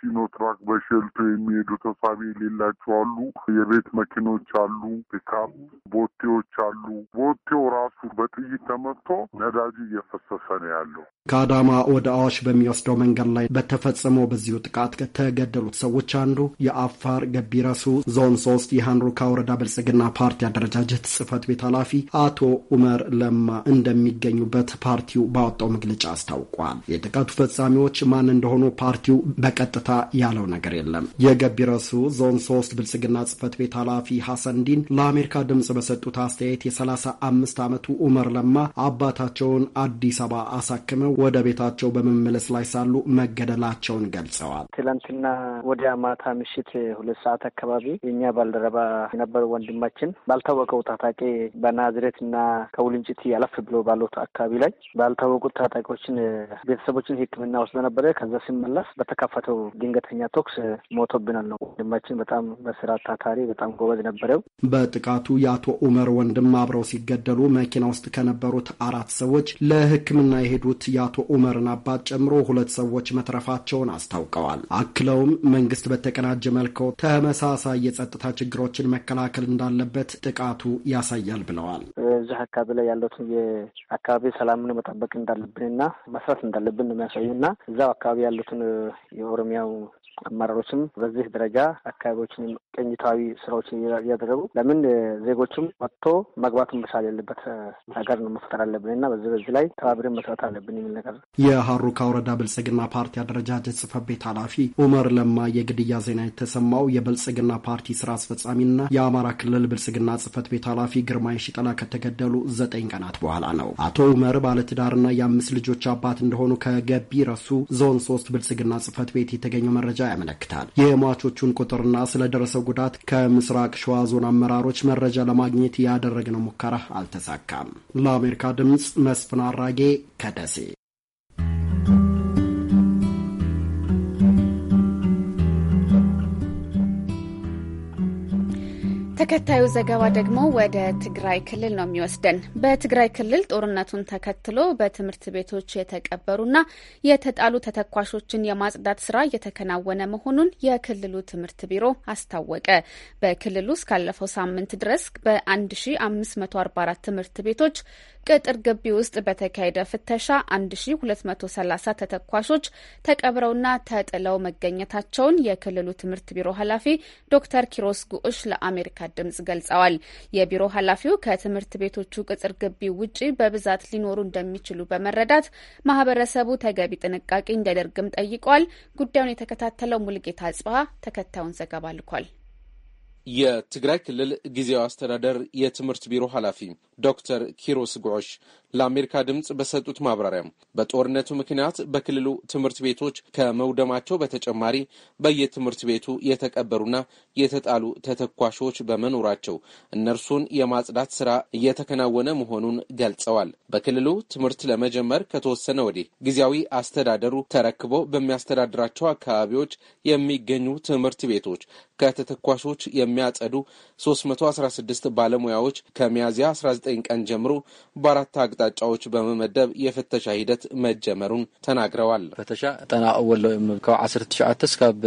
ሲኖትራክ በሸልቶ የሚሄዱ ተሳቢ የሌላቸው አሉ፣ የቤት መኪኖች አሉ፣ ፒካፕ ቦቴዎች አሉ። ቦቴው ራሱ በጥይት ተመቶ ነዳጅ እየፈሰሰ ነው ያለው። ከአዳማ ወደ አዋሽ በሚወስደው መንገድ ላይ በተፈጸመው በዚሁ ጥቃት ከተገደሉት ሰዎች አንዱ የአፋር ገቢረሱ ዞን ሶስት የሃንሩካ ወረዳ ብልጽግና ፓርቲ አደረጃጀት ጽህፈት ቤት ኃላፊ አቶ ኡመር ለማ እንደሚገኙበት ፓርቲው ባወጣው መግለጫ አስታውቋል። የጥቃቱ ፈጻሚዎች ማን እንደሆኑ ፓርቲው በቀጥታ ያለው ነገር የለም። የገቢረሱ ዞን ሶስት ብልጽግና ጽህፈት ቤት ኃላፊ ሐሰን ዲን ለአሜሪካ ድምፅ በሰጡት አስተያየት የሰላሳ አምስት ዓመቱ ኡመር ለማ አባታቸውን አዲስ አበባ አሳክመው ወደ ቤታቸው በመመለስ ላይ ሳሉ መገደላቸውን ገልጸዋል። ትላንትና ወዲያ ማታ ምሽት ሁለት ሰዓት አካባቢ የእኛ ባልደረባ የነበረው ወንድማችን ባልታወቀው ታጣቂ በናዝሬት እና ከውልንጭት ያለፍ ብሎ ባሉት አካባቢ ላይ ባልታወቁት ታጣቂዎችን ቤተሰቦችን ሕክምና ወስዶ ነበረ። ከዛ ሲመለስ በተከፈተው ድንገተኛ ተኩስ ሞቶብናል ነው። ወንድማችን በጣም በስራ ታታሪ በጣም ጎበዝ ነበረው። በጥቃቱ የአቶ ኡመር ወንድም አብረው ሲገደሉ መኪና ውስጥ ከነበሩት አራት ሰዎች ለሕክምና የሄዱት ያ አቶ ኡመርን አባት ጨምሮ ሁለት ሰዎች መትረፋቸውን አስታውቀዋል። አክለውም መንግስት በተቀናጀ መልኩ ተመሳሳይ የጸጥታ ችግሮችን መከላከል እንዳለበት ጥቃቱ ያሳያል ብለዋል። እዚህ አካባቢ ላይ ያለት የአካባቢ ሰላምን መጠበቅ እንዳለብንና መስራት እንዳለብን የሚያሳዩ እና እዛው አካባቢ ያሉትን የኦሮሚያው አመራሮችም በዚህ ደረጃ አካባቢዎችን ቅኝታዊ ስራዎችን እያደረጉ ለምን ዜጎችም ወጥቶ መግባት መቻል ያለበት ነገር ነው መፈጠር አለብን እና በዚህ በዚህ ላይ ተባብረን መስራት አለብን የሚል ነገር የሀሩካ ወረዳ ብልጽግና ፓርቲ አደረጃጀት ጽህፈት ቤት ኃላፊ ኡመር ለማ የግድያ ዜና የተሰማው የብልጽግና ፓርቲ ስራ አስፈጻሚና የአማራ ክልል ብልጽግና ጽህፈት ቤት ኃላፊ ግርማ ሽጠላ ከተገደሉ ዘጠኝ ቀናት በኋላ ነው። አቶ ኡመር ባለትዳርና የአምስት ልጆች አባት እንደሆኑ ከገቢ ረሱ ዞን ሶስት ብልጽግና ጽህፈት ቤት የተገኘው መረጃ ያመለክታል። የሟቾቹን ቁጥርና ስለደረሰው ጉዳት ከምስራቅ ሸዋ ዞን አመራሮች መረጃ ለማግኘት ያደረግነው ሙከራ አልተሳካም። ለአሜሪካ ድምፅ መስፍን አራጌ ከደሴ ተከታዩ ዘገባ ደግሞ ወደ ትግራይ ክልል ነው የሚወስደን። በትግራይ ክልል ጦርነቱን ተከትሎ በትምህርት ቤቶች የተቀበሩና የተጣሉ ተተኳሾችን የማጽዳት ስራ እየተከናወነ መሆኑን የክልሉ ትምህርት ቢሮ አስታወቀ። በክልሉ እስካለፈው ሳምንት ድረስ በ1544 ትምህርት ቤቶች ቅጥር ግቢ ውስጥ በተካሄደ ፍተሻ 1230 ተተኳሾች ተቀብረውና ተጥለው መገኘታቸውን የክልሉ ትምህርት ቢሮ ኃላፊ ዶክተር ኪሮስ ጉዑሽ ለአሜሪካ ድምጽ ገልጸዋል። የቢሮ ኃላፊው ከትምህርት ቤቶቹ ቅጥር ግቢ ውጪ በብዛት ሊኖሩ እንደሚችሉ በመረዳት ማህበረሰቡ ተገቢ ጥንቃቄ እንዲያደርግም ጠይቋል። ጉዳዩን የተከታተለው ሙልጌታ አጽባ ተከታዩን ዘገባ ልኳል። የትግራይ ክልል ጊዜያዊ አስተዳደር የትምህርት ቢሮ ኃላፊ ዶክተር ኪሮስ ጎሽ ለአሜሪካ ድምፅ በሰጡት ማብራሪያም በጦርነቱ ምክንያት በክልሉ ትምህርት ቤቶች ከመውደማቸው በተጨማሪ በየትምህርት ቤቱ የተቀበሩና የተጣሉ ተተኳሾች በመኖራቸው እነርሱን የማጽዳት ስራ እየተከናወነ መሆኑን ገልጸዋል። በክልሉ ትምህርት ለመጀመር ከተወሰነ ወዲህ ጊዜያዊ አስተዳደሩ ተረክቦ በሚያስተዳድራቸው አካባቢዎች የሚገኙ ትምህርት ቤቶች ከተተኳሾች የሚያጸዱ 316 ባለሙያዎች ከሚያዝያ 19 ዘጠኝ ቀን ጀምሮ በአራት አቅጣጫዎች በመመደብ የፍተሻ ሂደት መጀመሩን ተናግረዋል። ፈተሻ ጠና ወሎ ካብ 19 እስካብ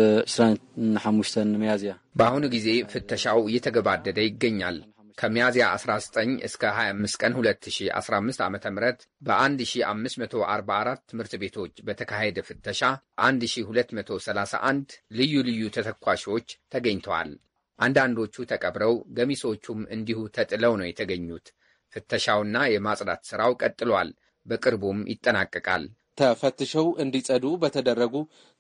ሓሙሽተን መያዝያ በአሁኑ ጊዜ ፍተሻው እየተገባደደ ይገኛል። ከሚያዝያ 19 እስከ 25 ቀን 2015 ዓ ም በ1544 ትምህርት ቤቶች በተካሄደ ፍተሻ 1231 ልዩ ልዩ ተተኳሾች ተገኝተዋል። አንዳንዶቹ ተቀብረው ገሚሶቹም እንዲሁ ተጥለው ነው የተገኙት። ፍተሻውና የማጽዳት ሥራው ቀጥሏል። በቅርቡም ይጠናቀቃል። ተፈትሸው እንዲጸዱ በተደረጉ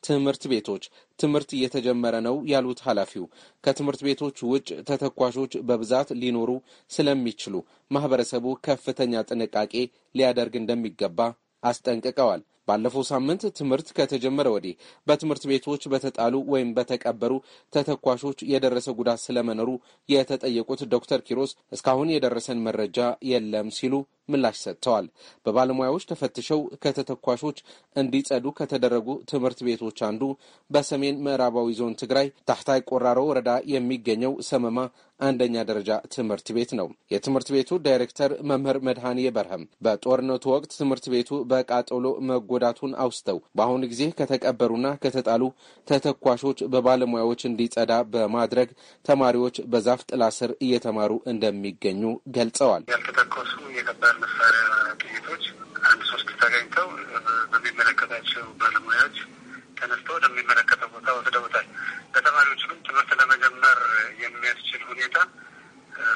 ትምህርት ቤቶች ትምህርት እየተጀመረ ነው ያሉት ኃላፊው ከትምህርት ቤቶች ውጭ ተተኳሾች በብዛት ሊኖሩ ስለሚችሉ ማህበረሰቡ ከፍተኛ ጥንቃቄ ሊያደርግ እንደሚገባ አስጠንቅቀዋል። ባለፈው ሳምንት ትምህርት ከተጀመረ ወዲህ በትምህርት ቤቶች በተጣሉ ወይም በተቀበሩ ተተኳሾች የደረሰ ጉዳት ስለመኖሩ የተጠየቁት ዶክተር ኪሮስ እስካሁን የደረሰን መረጃ የለም ሲሉ ምላሽ ሰጥተዋል። በባለሙያዎች ተፈትሸው ከተተኳሾች እንዲጸዱ ከተደረጉ ትምህርት ቤቶች አንዱ በሰሜን ምዕራባዊ ዞን ትግራይ ታሕታይ ቆራሮ ወረዳ የሚገኘው ሰመማ አንደኛ ደረጃ ትምህርት ቤት ነው። የትምህርት ቤቱ ዳይሬክተር መምህር መድኃኔ በርሃም በጦርነቱ ወቅት ትምህርት ቤቱ በቃጠሎ መጎዳቱን አውስተው በአሁኑ ጊዜ ከተቀበሩና ከተጣሉ ተተኳሾች በባለሙያዎች እንዲጸዳ በማድረግ ተማሪዎች በዛፍ ጥላ ስር እየተማሩ እንደሚገኙ ገልጸዋል። ያልተተኮሱ የከባድ መሳሪያ ጥይቶች አንድ ሶስት ተገኝተው በሚመለከታቸው ባለሙያዎች ተነስተው ወደሚመለከተው ቦታ ወስደውታል። ግን ትምህርት ለመጀመር የሚያስችል ሁኔታ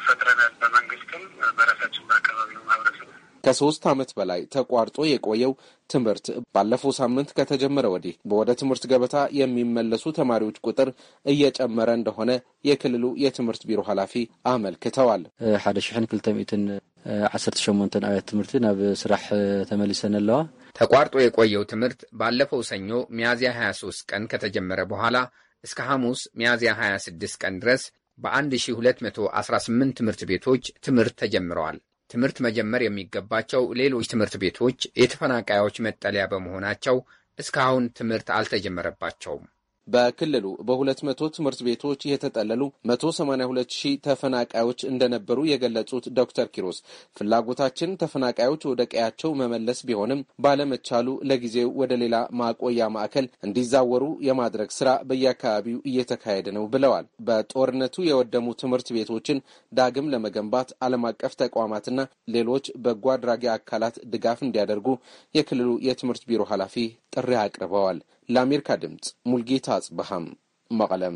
ፈጥረናል። በመንግስትም በራሳችን በአካባቢው ማህበረሰብ ከሶስት ዓመት በላይ ተቋርጦ የቆየው ትምህርት ባለፈው ሳምንት ከተጀመረ ወዲህ ወደ ትምህርት ገበታ የሚመለሱ ተማሪዎች ቁጥር እየጨመረ እንደሆነ የክልሉ የትምህርት ቢሮ ኃላፊ አመልክተዋል። ሓደ ሽሕን ክልተ ሚእትን 18 ኣብያት ትምህርቲ ናብ ስራሕ ተመሊሰን ኣለዋ ተቋርጦ የቆየው ትምህርት ባለፈው ሰኞ ሚያዝያ 23 ቀን ከተጀመረ በኋላ እስከ ሐሙስ ሚያዝያ 26 ቀን ድረስ በ1218 ትምህርት ቤቶች ትምህርት ተጀምረዋል። ትምህርት መጀመር የሚገባቸው ሌሎች ትምህርት ቤቶች የተፈናቃዮች መጠለያ በመሆናቸው እስካሁን ትምህርት አልተጀመረባቸውም። በክልሉ በ200 ትምህርት ቤቶች የተጠለሉ 182 ሺህ ተፈናቃዮች እንደነበሩ የገለጹት ዶክተር ኪሮስ ፍላጎታችን ተፈናቃዮች ወደ ቀያቸው መመለስ ቢሆንም ባለመቻሉ ለጊዜው ወደ ሌላ ማቆያ ማዕከል እንዲዛወሩ የማድረግ ስራ በየአካባቢው እየተካሄደ ነው ብለዋል። በጦርነቱ የወደሙ ትምህርት ቤቶችን ዳግም ለመገንባት ዓለም አቀፍ ተቋማትና ሌሎች በጎ አድራጊ አካላት ድጋፍ እንዲያደርጉ የክልሉ የትምህርት ቢሮ ኃላፊ ጥሪ አቅርበዋል። ለአሜሪካ ድምፅ ሙልጌታ አጽበሃም መቐለም።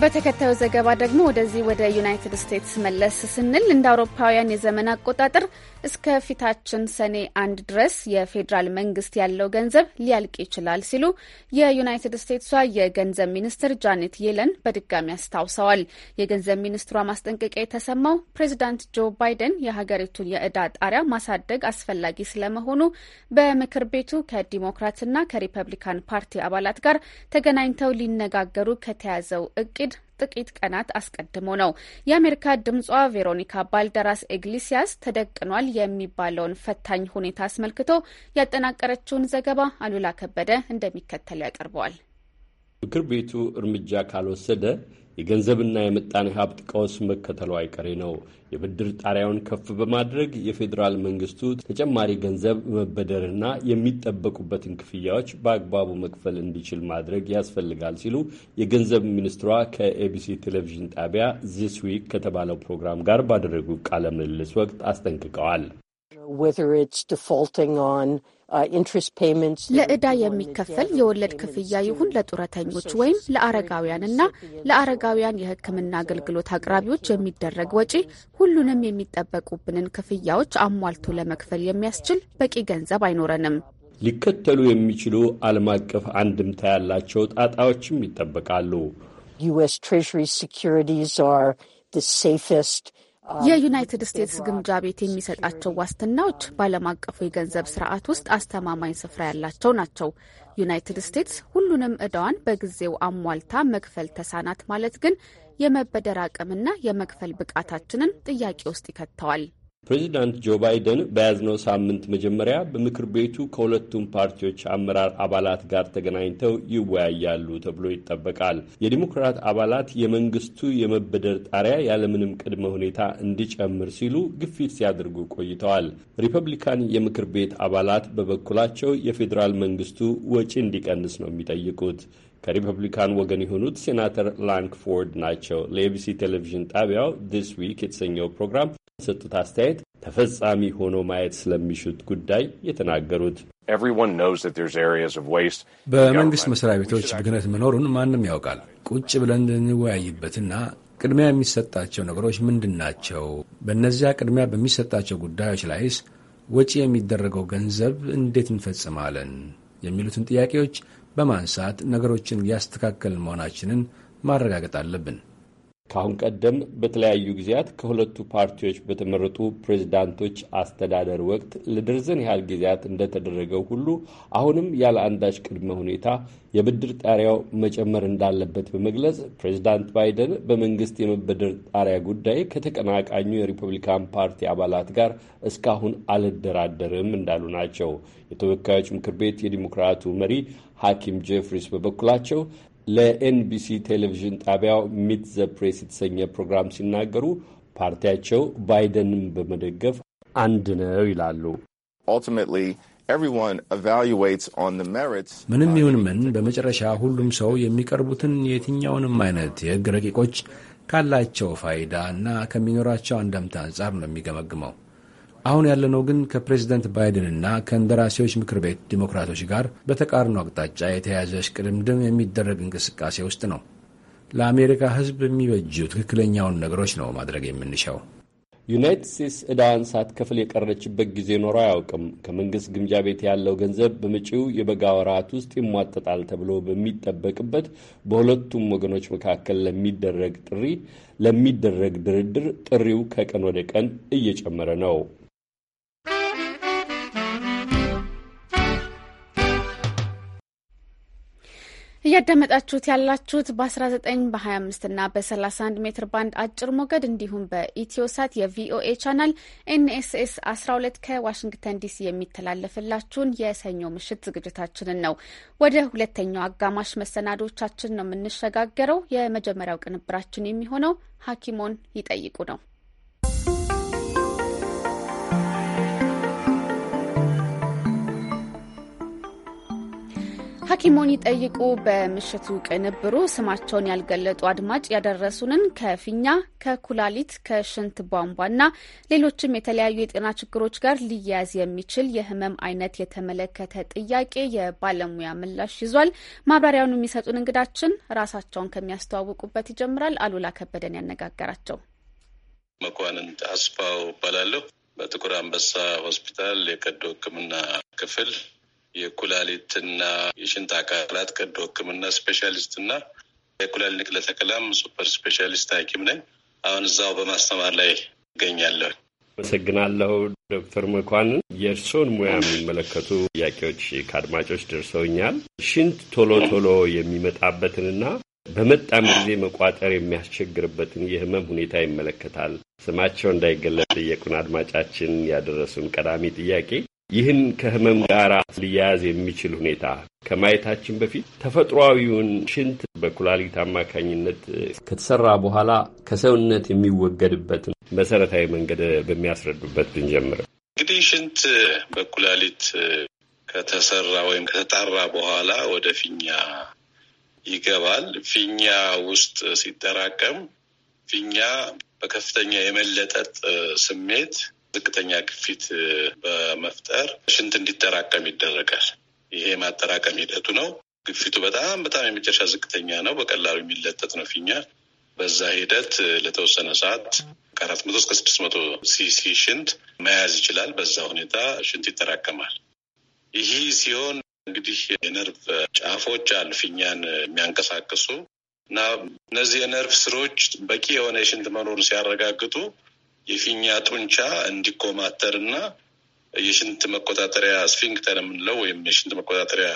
በተከታዩ ዘገባ ደግሞ ወደዚህ ወደ ዩናይትድ ስቴትስ መለስ ስንል እንደ አውሮፓውያን የዘመን አቆጣጠር እስከ ፊታችን ሰኔ አንድ ድረስ የፌዴራል መንግስት ያለው ገንዘብ ሊያልቅ ይችላል ሲሉ የዩናይትድ ስቴትሷ የገንዘብ ሚኒስትር ጃኔት የለን በድጋሚ አስታውሰዋል። የገንዘብ ሚኒስትሯ ማስጠንቀቂያ የተሰማው ፕሬዚዳንት ጆ ባይደን የሀገሪቱን የእዳ ጣሪያ ማሳደግ አስፈላጊ ስለመሆኑ በምክር ቤቱ ከዲሞክራትና ከሪፐብሊካን ፓርቲ አባላት ጋር ተገናኝተው ሊነጋገሩ ከተያዘው እቅድ ጥቂት ቀናት አስቀድሞ ነው። የአሜሪካ ድምጿ ቬሮኒካ ባልደራስ ኤግሊሲያስ ተደቅኗል የሚባለውን ፈታኝ ሁኔታ አስመልክቶ ያጠናቀረችውን ዘገባ አሉላ ከበደ እንደሚከተል ያቀርበዋል። ምክር ቤቱ እርምጃ ካልወሰደ የገንዘብና የምጣኔ ሀብት ቀውስ መከተሉ አይቀሬ ነው። የብድር ጣሪያውን ከፍ በማድረግ የፌዴራል መንግስቱ ተጨማሪ ገንዘብ መበደርና የሚጠበቁበትን ክፍያዎች በአግባቡ መክፈል እንዲችል ማድረግ ያስፈልጋል ሲሉ የገንዘብ ሚኒስትሯ ከኤቢሲ ቴሌቪዥን ጣቢያ ዚስ ዊክ ከተባለው ፕሮግራም ጋር ባደረጉ ቃለ ምልልስ ወቅት አስጠንቅቀዋል። Uh, ለዕዳ የሚከፈል የወለድ ክፍያ ይሁን uh, ለጡረተኞች ወይም ለአረጋውያንና ለአረጋውያን uh, የሕክምና አገልግሎት አቅራቢዎች የሚደረግ ወጪ ሁሉንም የሚጠበቁብንን ክፍያዎች አሟልቶ ለመክፈል የሚያስችል በቂ ገንዘብ አይኖረንም። ሊከተሉ የሚችሉ ዓለም አቀፍ አንድምታ ያላቸው ጣጣዎችም ይጠበቃሉ። ዩኤስ ትሬዥሪ ሴኩሪቲስ አር ዘ የዩናይትድ ስቴትስ ግምጃ ቤት የሚሰጣቸው ዋስትናዎች በዓለም አቀፉ የገንዘብ ስርዓት ውስጥ አስተማማኝ ስፍራ ያላቸው ናቸው። ዩናይትድ ስቴትስ ሁሉንም እዳዋን በጊዜው አሟልታ መክፈል ተሳናት ማለት ግን የመበደር አቅምና የመክፈል ብቃታችንን ጥያቄ ውስጥ ይከተዋል። ፕሬዚዳንት ጆ ባይደን በያዝነው ሳምንት መጀመሪያ በምክር ቤቱ ከሁለቱም ፓርቲዎች አመራር አባላት ጋር ተገናኝተው ይወያያሉ ተብሎ ይጠበቃል። የዲሞክራት አባላት የመንግስቱ የመበደር ጣሪያ ያለምንም ቅድመ ሁኔታ እንዲጨምር ሲሉ ግፊት ሲያደርጉ ቆይተዋል። ሪፐብሊካን የምክር ቤት አባላት በበኩላቸው የፌዴራል መንግስቱ ወጪ እንዲቀንስ ነው የሚጠይቁት። ከሪፐብሊካን ወገን የሆኑት ሴናተር ላንክፎርድ ናቸው። ለኤቢሲ ቴሌቪዥን ጣቢያው ዲስ ዊክ የተሰኘው ፕሮግራም በሰጡት አስተያየት ተፈጻሚ ሆኖ ማየት ስለሚሹት ጉዳይ የተናገሩት በመንግስት መስሪያ ቤቶች ብክነት መኖሩን ማንም ያውቃል። ቁጭ ብለን ልንወያይበትና ቅድሚያ የሚሰጣቸው ነገሮች ምንድን ናቸው? በእነዚያ ቅድሚያ በሚሰጣቸው ጉዳዮች ላይስ ወጪ የሚደረገው ገንዘብ እንዴት እንፈጽማለን? የሚሉትን ጥያቄዎች በማንሳት ነገሮችን ያስተካከል መሆናችንን ማረጋገጥ አለብን። ከአሁን ቀደም በተለያዩ ጊዜያት ከሁለቱ ፓርቲዎች በተመረጡ ፕሬዚዳንቶች አስተዳደር ወቅት ለደርዘን ያህል ጊዜያት እንደተደረገው ሁሉ አሁንም ያለ አንዳች ቅድመ ሁኔታ የብድር ጣሪያው መጨመር እንዳለበት በመግለጽ ፕሬዚዳንት ባይደን በመንግስት የመበደር ጣሪያ ጉዳይ ከተቀናቃኙ የሪፐብሊካን ፓርቲ አባላት ጋር እስካሁን አልደራደርም እንዳሉ ናቸው። የተወካዮች ምክር ቤት የዲሞክራቱ መሪ ሐኪም ጄፍሪስ በበኩላቸው ለኤንቢሲ ቴሌቪዥን ጣቢያው ሚት ዘ ፕሬስ የተሰኘ ፕሮግራም ሲናገሩ ፓርቲያቸው ባይደንን በመደገፍ አንድ ነው ይላሉ። ምንም ይሁን ምን በመጨረሻ ሁሉም ሰው የሚቀርቡትን የትኛውንም አይነት የሕግ ረቂቆች ካላቸው ፋይዳ እና ከሚኖራቸው አንደምታ አንጻር ነው የሚገመግመው። አሁን ያለነው ግን ከፕሬዚደንት ባይደን እና ከእንደራሴዎች ምክር ቤት ዲሞክራቶች ጋር በተቃርኖ አቅጣጫ የተያዘ እሽቅድምድም የሚደረግ እንቅስቃሴ ውስጥ ነው። ለአሜሪካ ሕዝብ የሚበጁ ትክክለኛውን ነገሮች ነው ማድረግ የምንሻው። ዩናይትድ ስቴትስ ዕዳዋን ሳትከፍል የቀረችበት ጊዜ ኖሮ አያውቅም። ከመንግሥት ግምጃ ቤት ያለው ገንዘብ በመጪው የበጋ ወራት ውስጥ ይሟጠጣል ተብሎ በሚጠበቅበት በሁለቱም ወገኖች መካከል ለሚደረግ ጥሪ ለሚደረግ ድርድር ጥሪው ከቀን ወደ ቀን እየጨመረ ነው። እያዳመጣችሁት ያላችሁት በ19 በ25 እና በ31 ሜትር ባንድ አጭር ሞገድ እንዲሁም በኢትዮሳት የቪኦኤ ቻናል ኤንኤስኤስ 12 ከዋሽንግተን ዲሲ የሚተላለፍላችሁን የሰኞ ምሽት ዝግጅታችንን ነው። ወደ ሁለተኛው አጋማሽ መሰናዶቻችን ነው የምንሸጋገረው። የመጀመሪያው ቅንብራችን የሚሆነው ሐኪሞን ይጠይቁ ነው። ሐኪሞን ይጠይቁ በምሽቱ ቅንብሩ ስማቸውን ያልገለጡ አድማጭ ያደረሱንን ከፊኛ፣ ከኩላሊት፣ ከሽንት ቧንቧና ሌሎችም የተለያዩ የጤና ችግሮች ጋር ሊያያዝ የሚችል የህመም አይነት የተመለከተ ጥያቄ የባለሙያ ምላሽ ይዟል። ማብራሪያውን የሚሰጡን እንግዳችን ራሳቸውን ከሚያስተዋውቁበት ይጀምራል። አሉላ ከበደን ያነጋገራቸው። መኳንንት አስፋው እባላለሁ። በጥቁር አንበሳ ሆስፒታል የቀዶ ሕክምና ክፍል የኩላሊትና የሽንት አካላት ቀዶ ሕክምና ስፔሻሊስት እና የኩላሊት ንቅለ ተከላም ሱፐር ስፔሻሊስት ሐኪም ነኝ። አሁን እዛው በማስተማር ላይ እገኛለሁ አመሰግናለሁ ዶክተር መኳንን የእርስዎን ሙያ የሚመለከቱ ጥያቄዎች ከአድማጮች ደርሰውኛል። ሽንት ቶሎ ቶሎ የሚመጣበትንና በመጣም ጊዜ መቋጠር የሚያስቸግርበትን የህመም ሁኔታ ይመለከታል። ስማቸው እንዳይገለጽ የቁን አድማጫችን ያደረሱን ቀዳሚ ጥያቄ ይህን ከህመም ጋር ሊያያዝ የሚችል ሁኔታ ከማየታችን በፊት ተፈጥሯዊውን ሽንት በኩላሊት አማካኝነት ከተሰራ በኋላ ከሰውነት የሚወገድበትን መሰረታዊ መንገድ በሚያስረዱበት ብንጀምር እንግዲህ ሽንት በኩላሊት ከተሰራ ወይም ከተጣራ በኋላ ወደ ፊኛ ይገባል። ፊኛ ውስጥ ሲጠራቀም ፊኛ በከፍተኛ የመለጠጥ ስሜት ዝቅተኛ ግፊት በመፍጠር ሽንት እንዲጠራቀም ይደረጋል። ይሄ የማጠራቀም ሂደቱ ነው። ግፊቱ በጣም በጣም የመጨረሻ ዝቅተኛ ነው። በቀላሉ የሚለጠጥ ነው ፊኛ። በዛ ሂደት ለተወሰነ ሰዓት ከአራት መቶ እስከ ስድስት መቶ ሲሲ ሽንት መያዝ ይችላል። በዛ ሁኔታ ሽንት ይጠራቀማል። ይህ ሲሆን እንግዲህ የነርቭ ጫፎች አሉ ፊኛን የሚያንቀሳቅሱ እና እነዚህ የነርቭ ስሮች በቂ የሆነ የሽንት መኖሩን ሲያረጋግጡ የፊኛ ጡንቻ እንዲኮማተርና የሽንት መቆጣጠሪያ ስፊንክተር የምንለው ወይም የሽንት መቆጣጠሪያ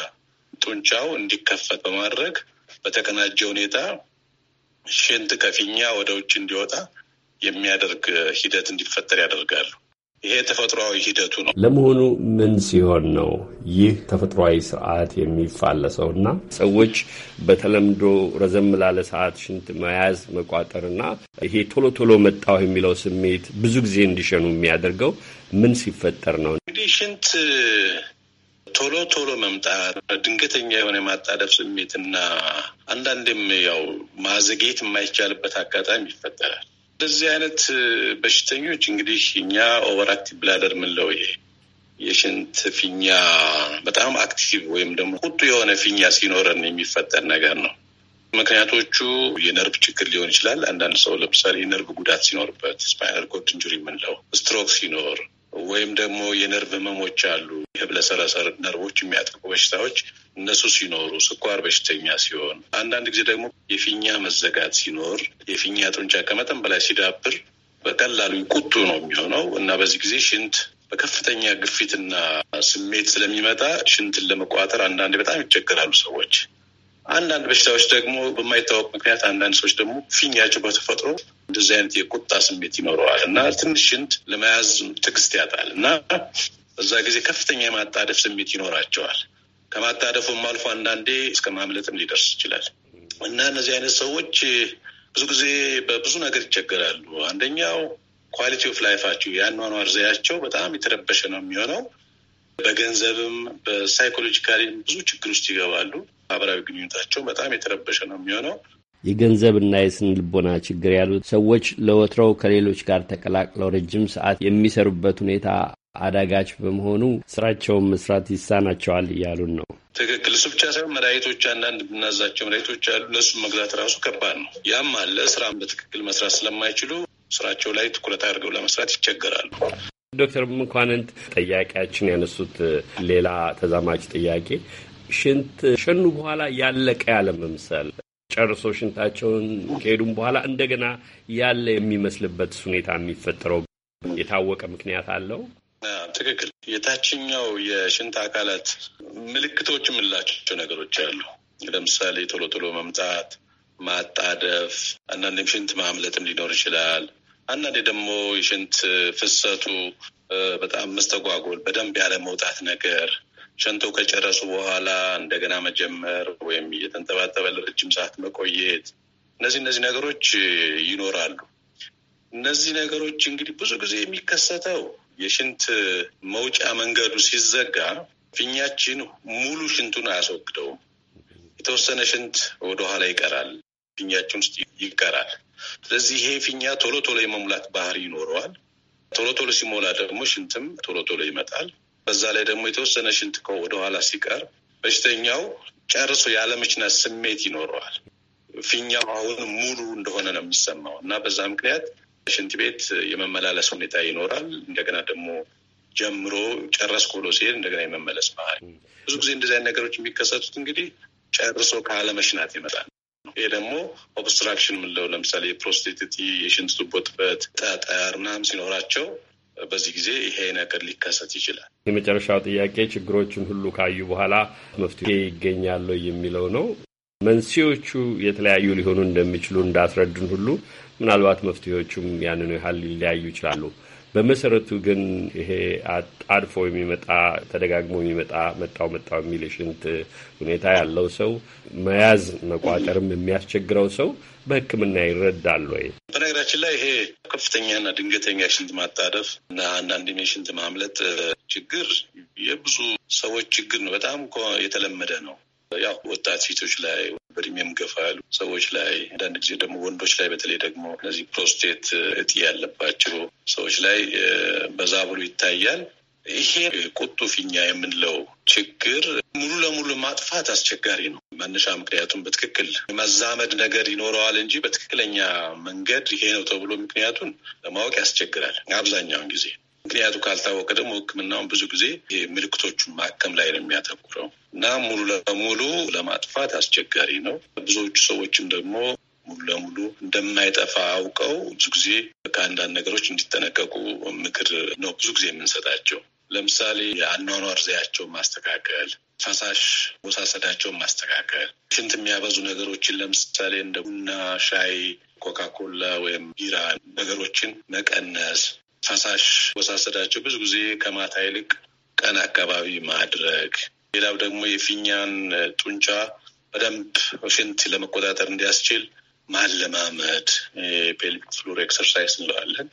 ጡንቻው እንዲከፈት በማድረግ በተቀናጀ ሁኔታ ሽንት ከፊኛ ወደ ውጭ እንዲወጣ የሚያደርግ ሂደት እንዲፈጠር ያደርጋሉ። ይሄ ተፈጥሯዊ ሂደቱ ነው። ለመሆኑ ምን ሲሆን ነው ይህ ተፈጥሯዊ ስርዓት እና ሰዎች በተለምዶ ረዘም ላለ ሰዓት ሽንት መያዝ መቋጠርና ይሄ ቶሎ ቶሎ መጣሁ የሚለው ስሜት ብዙ ጊዜ እንዲሸኑ የሚያደርገው ምን ሲፈጠር ነው? እንግዲህ ሽንት ቶሎ ቶሎ መምጣት፣ ድንገተኛ የሆነ የማጣደፍ እና አንዳንዴም ያው ማዘጌት የማይቻልበት አጋጣሚ ይፈጠራል። እንደዚህ አይነት በሽተኞች እንግዲህ እኛ ኦቨርአክቲቭ ብላደር ምንለው ይሄ የሽንት ፊኛ በጣም አክቲቭ ወይም ደግሞ ቁጡ የሆነ ፊኛ ሲኖረን የሚፈጠር ነገር ነው። ምክንያቶቹ የነርቭ ችግር ሊሆን ይችላል። አንዳንድ ሰው ለምሳሌ የነርቭ ጉዳት ሲኖርበት ስፓይነል ኮርድ ኢንጁሪ የምንለው ስትሮክ ሲኖር ወይም ደግሞ የነርቭ ህመሞች አሉ። የህብለሰረሰር ነርቮች የሚያጠቁ በሽታዎች እነሱ ሲኖሩ፣ ስኳር በሽተኛ ሲሆን፣ አንዳንድ ጊዜ ደግሞ የፊኛ መዘጋት ሲኖር፣ የፊኛ ጡንቻ ከመጠን በላይ ሲዳብር በቀላሉ ቁጡ ነው የሚሆነው እና በዚህ ጊዜ ሽንት በከፍተኛ ግፊትና ስሜት ስለሚመጣ ሽንትን ለመቋጠር አንዳንድ በጣም ይቸገራሉ ሰዎች። አንዳንድ በሽታዎች ደግሞ በማይታወቅ ምክንያት አንዳንድ ሰዎች ደግሞ ፊኛቸው በተፈጥሮ እንደዚህ አይነት የቁጣ ስሜት ይኖረዋል እና ትንሽ ሽንት ለመያዝ ትዕግስት ያጣል እና በዛ ጊዜ ከፍተኛ የማጣደፍ ስሜት ይኖራቸዋል። ከማጣደፉም አልፎ አንዳንዴ እስከ ማምለጥም ሊደርስ ይችላል እና እነዚህ አይነት ሰዎች ብዙ ጊዜ በብዙ ነገር ይቸገራሉ። አንደኛው ኳሊቲ ኦፍ ላይፋቸው የአኗኗር ዘያቸው በጣም የተረበሸ ነው የሚሆነው። በገንዘብም በሳይኮሎጂካሊም ብዙ ችግር ውስጥ ይገባሉ። ማህበራዊ ግንኙነታቸው በጣም የተረበሸ ነው የሚሆነው። የገንዘብና የስነ ልቦና ችግር ያሉት ሰዎች ለወትረው ከሌሎች ጋር ተቀላቅለው ረጅም ሰዓት የሚሰሩበት ሁኔታ አዳጋች በመሆኑ ስራቸውን መስራት ይሳናቸዋል እያሉን ነው። ትክክል። እሱ ብቻ ሳይሆን መድኃኒቶች፣ አንዳንድ ብናዛቸው መድኃኒቶች አሉ። እነሱን መግዛት ራሱ ከባድ ነው። ያም አለ ስራ በትክክል መስራት ስለማይችሉ ስራቸው ላይ ትኩረት አድርገው ለመስራት ይቸገራሉ። ዶክተር ምኳንንት ጠያቂያችን ያነሱት ሌላ ተዛማች ጥያቄ ሽንት ሸኑ በኋላ ያለቀ ያለ መምሰል ጨርሶ ሽንታቸውን ከሄዱም በኋላ እንደገና ያለ የሚመስልበት ሁኔታ የሚፈጠረው የታወቀ ምክንያት አለው። ትክክል። የታችኛው የሽንት አካላት ምልክቶች የምንላቸው ነገሮች አሉ። ለምሳሌ ቶሎ ቶሎ መምጣት፣ ማጣደፍ፣ አንዳንዴም ሽንት ማምለጥም ሊኖር ይችላል። አንዳንዴ ደግሞ የሽንት ፍሰቱ በጣም መስተጓጎል፣ በደንብ ያለ መውጣት ነገር ሸንተው ከጨረሱ በኋላ እንደገና መጀመር ወይም እየተንጠባጠበ ለረጅም ሰዓት መቆየት፣ እነዚህ እነዚህ ነገሮች ይኖራሉ። እነዚህ ነገሮች እንግዲህ ብዙ ጊዜ የሚከሰተው የሽንት መውጫ መንገዱ ሲዘጋ ፊኛችን ሙሉ ሽንቱን አያስወግደውም። የተወሰነ ሽንት ወደኋላ ይቀራል፣ ፊኛችን ውስጥ ይቀራል። ስለዚህ ይሄ ፊኛ ቶሎ ቶሎ የመሙላት ባህሪ ይኖረዋል። ቶሎ ቶሎ ሲሞላ ደግሞ ሽንትም ቶሎ ቶሎ ይመጣል። በዛ ላይ ደግሞ የተወሰነ ሽንት ወደኋላ ሲቀር በሽተኛው ጨርሶ ያለመችናት ስሜት ይኖረዋል። ፊኛው አሁን ሙሉ እንደሆነ ነው የሚሰማው እና በዛ ምክንያት ሽንት ቤት የመመላለስ ሁኔታ ይኖራል። እንደገና ደግሞ ጀምሮ ጨረስኩ ብሎ ሲሄድ እንደገና የመመለስ ባህል ብዙ ጊዜ እንደዚህ አይነት ነገሮች የሚከሰቱት እንግዲህ ጨርሶ ከአለመሽናት ይመጣል። ይሄ ደግሞ ኦብስትራክሽን ምንለው ለምሳሌ የፕሮስቴቲቲ የሽንት ቱቦ ጥበት፣ ጠጠር ምናምን ሲኖራቸው በዚህ ጊዜ ይሄ ነገር ሊከሰት ይችላል። የመጨረሻው ጥያቄ ችግሮችን ሁሉ ካዩ በኋላ መፍትሄ ይገኛሉ የሚለው ነው። መንስኤዎቹ የተለያዩ ሊሆኑ እንደሚችሉ እንዳስረዱን ሁሉ ምናልባት መፍትሄዎቹም ያንኑ ያህል ሊለያዩ ይችላሉ። በመሰረቱ ግን ይሄ አድፎ የሚመጣ ተደጋግሞ የሚመጣ መጣው መጣው የሚል የሽንት ሁኔታ ያለው ሰው መያዝ መቋጠርም የሚያስቸግረው ሰው በሕክምና ይረዳል ወይ? በነገራችን ላይ ይሄ ከፍተኛና ድንገተኛ የሽንት ማጣደፍ እና አንዳንድም የሽንት ማምለጥ ችግር የብዙ ሰዎች ችግር ነው። በጣም የተለመደ ነው። ያው ወጣት ሴቶች ላይ በእድሜም ገፋ ያሉ ሰዎች ላይ አንዳንድ ጊዜ ደግሞ ወንዶች ላይ በተለይ ደግሞ እነዚህ ፕሮስቴት እጢ ያለባቸው ሰዎች ላይ በዛ ብሎ ይታያል። ይሄ ቁጡ ፊኛ የምንለው ችግር ሙሉ ለሙሉ ማጥፋት አስቸጋሪ ነው። መነሻ ምክንያቱም በትክክል መዛመድ ነገር ይኖረዋል እንጂ በትክክለኛ መንገድ ይሄ ነው ተብሎ ምክንያቱን ለማወቅ ያስቸግራል አብዛኛውን ጊዜ ምክንያቱ ካልታወቀ ደግሞ ሕክምናውን ብዙ ጊዜ ምልክቶቹን ማከም ላይ ነው የሚያተኩረው እና ሙሉ ለሙሉ ለማጥፋት አስቸጋሪ ነው። ብዙዎቹ ሰዎችም ደግሞ ሙሉ ለሙሉ እንደማይጠፋ አውቀው ብዙ ጊዜ ከአንዳንድ ነገሮች እንዲጠነቀቁ ምክር ነው ብዙ ጊዜ የምንሰጣቸው። ለምሳሌ የአኗኗር ዘያቸውን ማስተካከል፣ ፈሳሽ ወሳሰዳቸውን ማስተካከል፣ ሽንት የሚያበዙ ነገሮችን ለምሳሌ እንደ ቡና፣ ሻይ፣ ኮካኮላ ወይም ቢራ ነገሮችን መቀነስ ፈሳሽ ወሳሰዳቸው ብዙ ጊዜ ከማታ ይልቅ ቀን አካባቢ ማድረግ፣ ሌላው ደግሞ የፊኛን ጡንቻ በደንብ ሽንት ለመቆጣጠር እንዲያስችል ማለማመድ ፔልቪክ ፍሎር ኤክሰርሳይዝ እንለዋለን።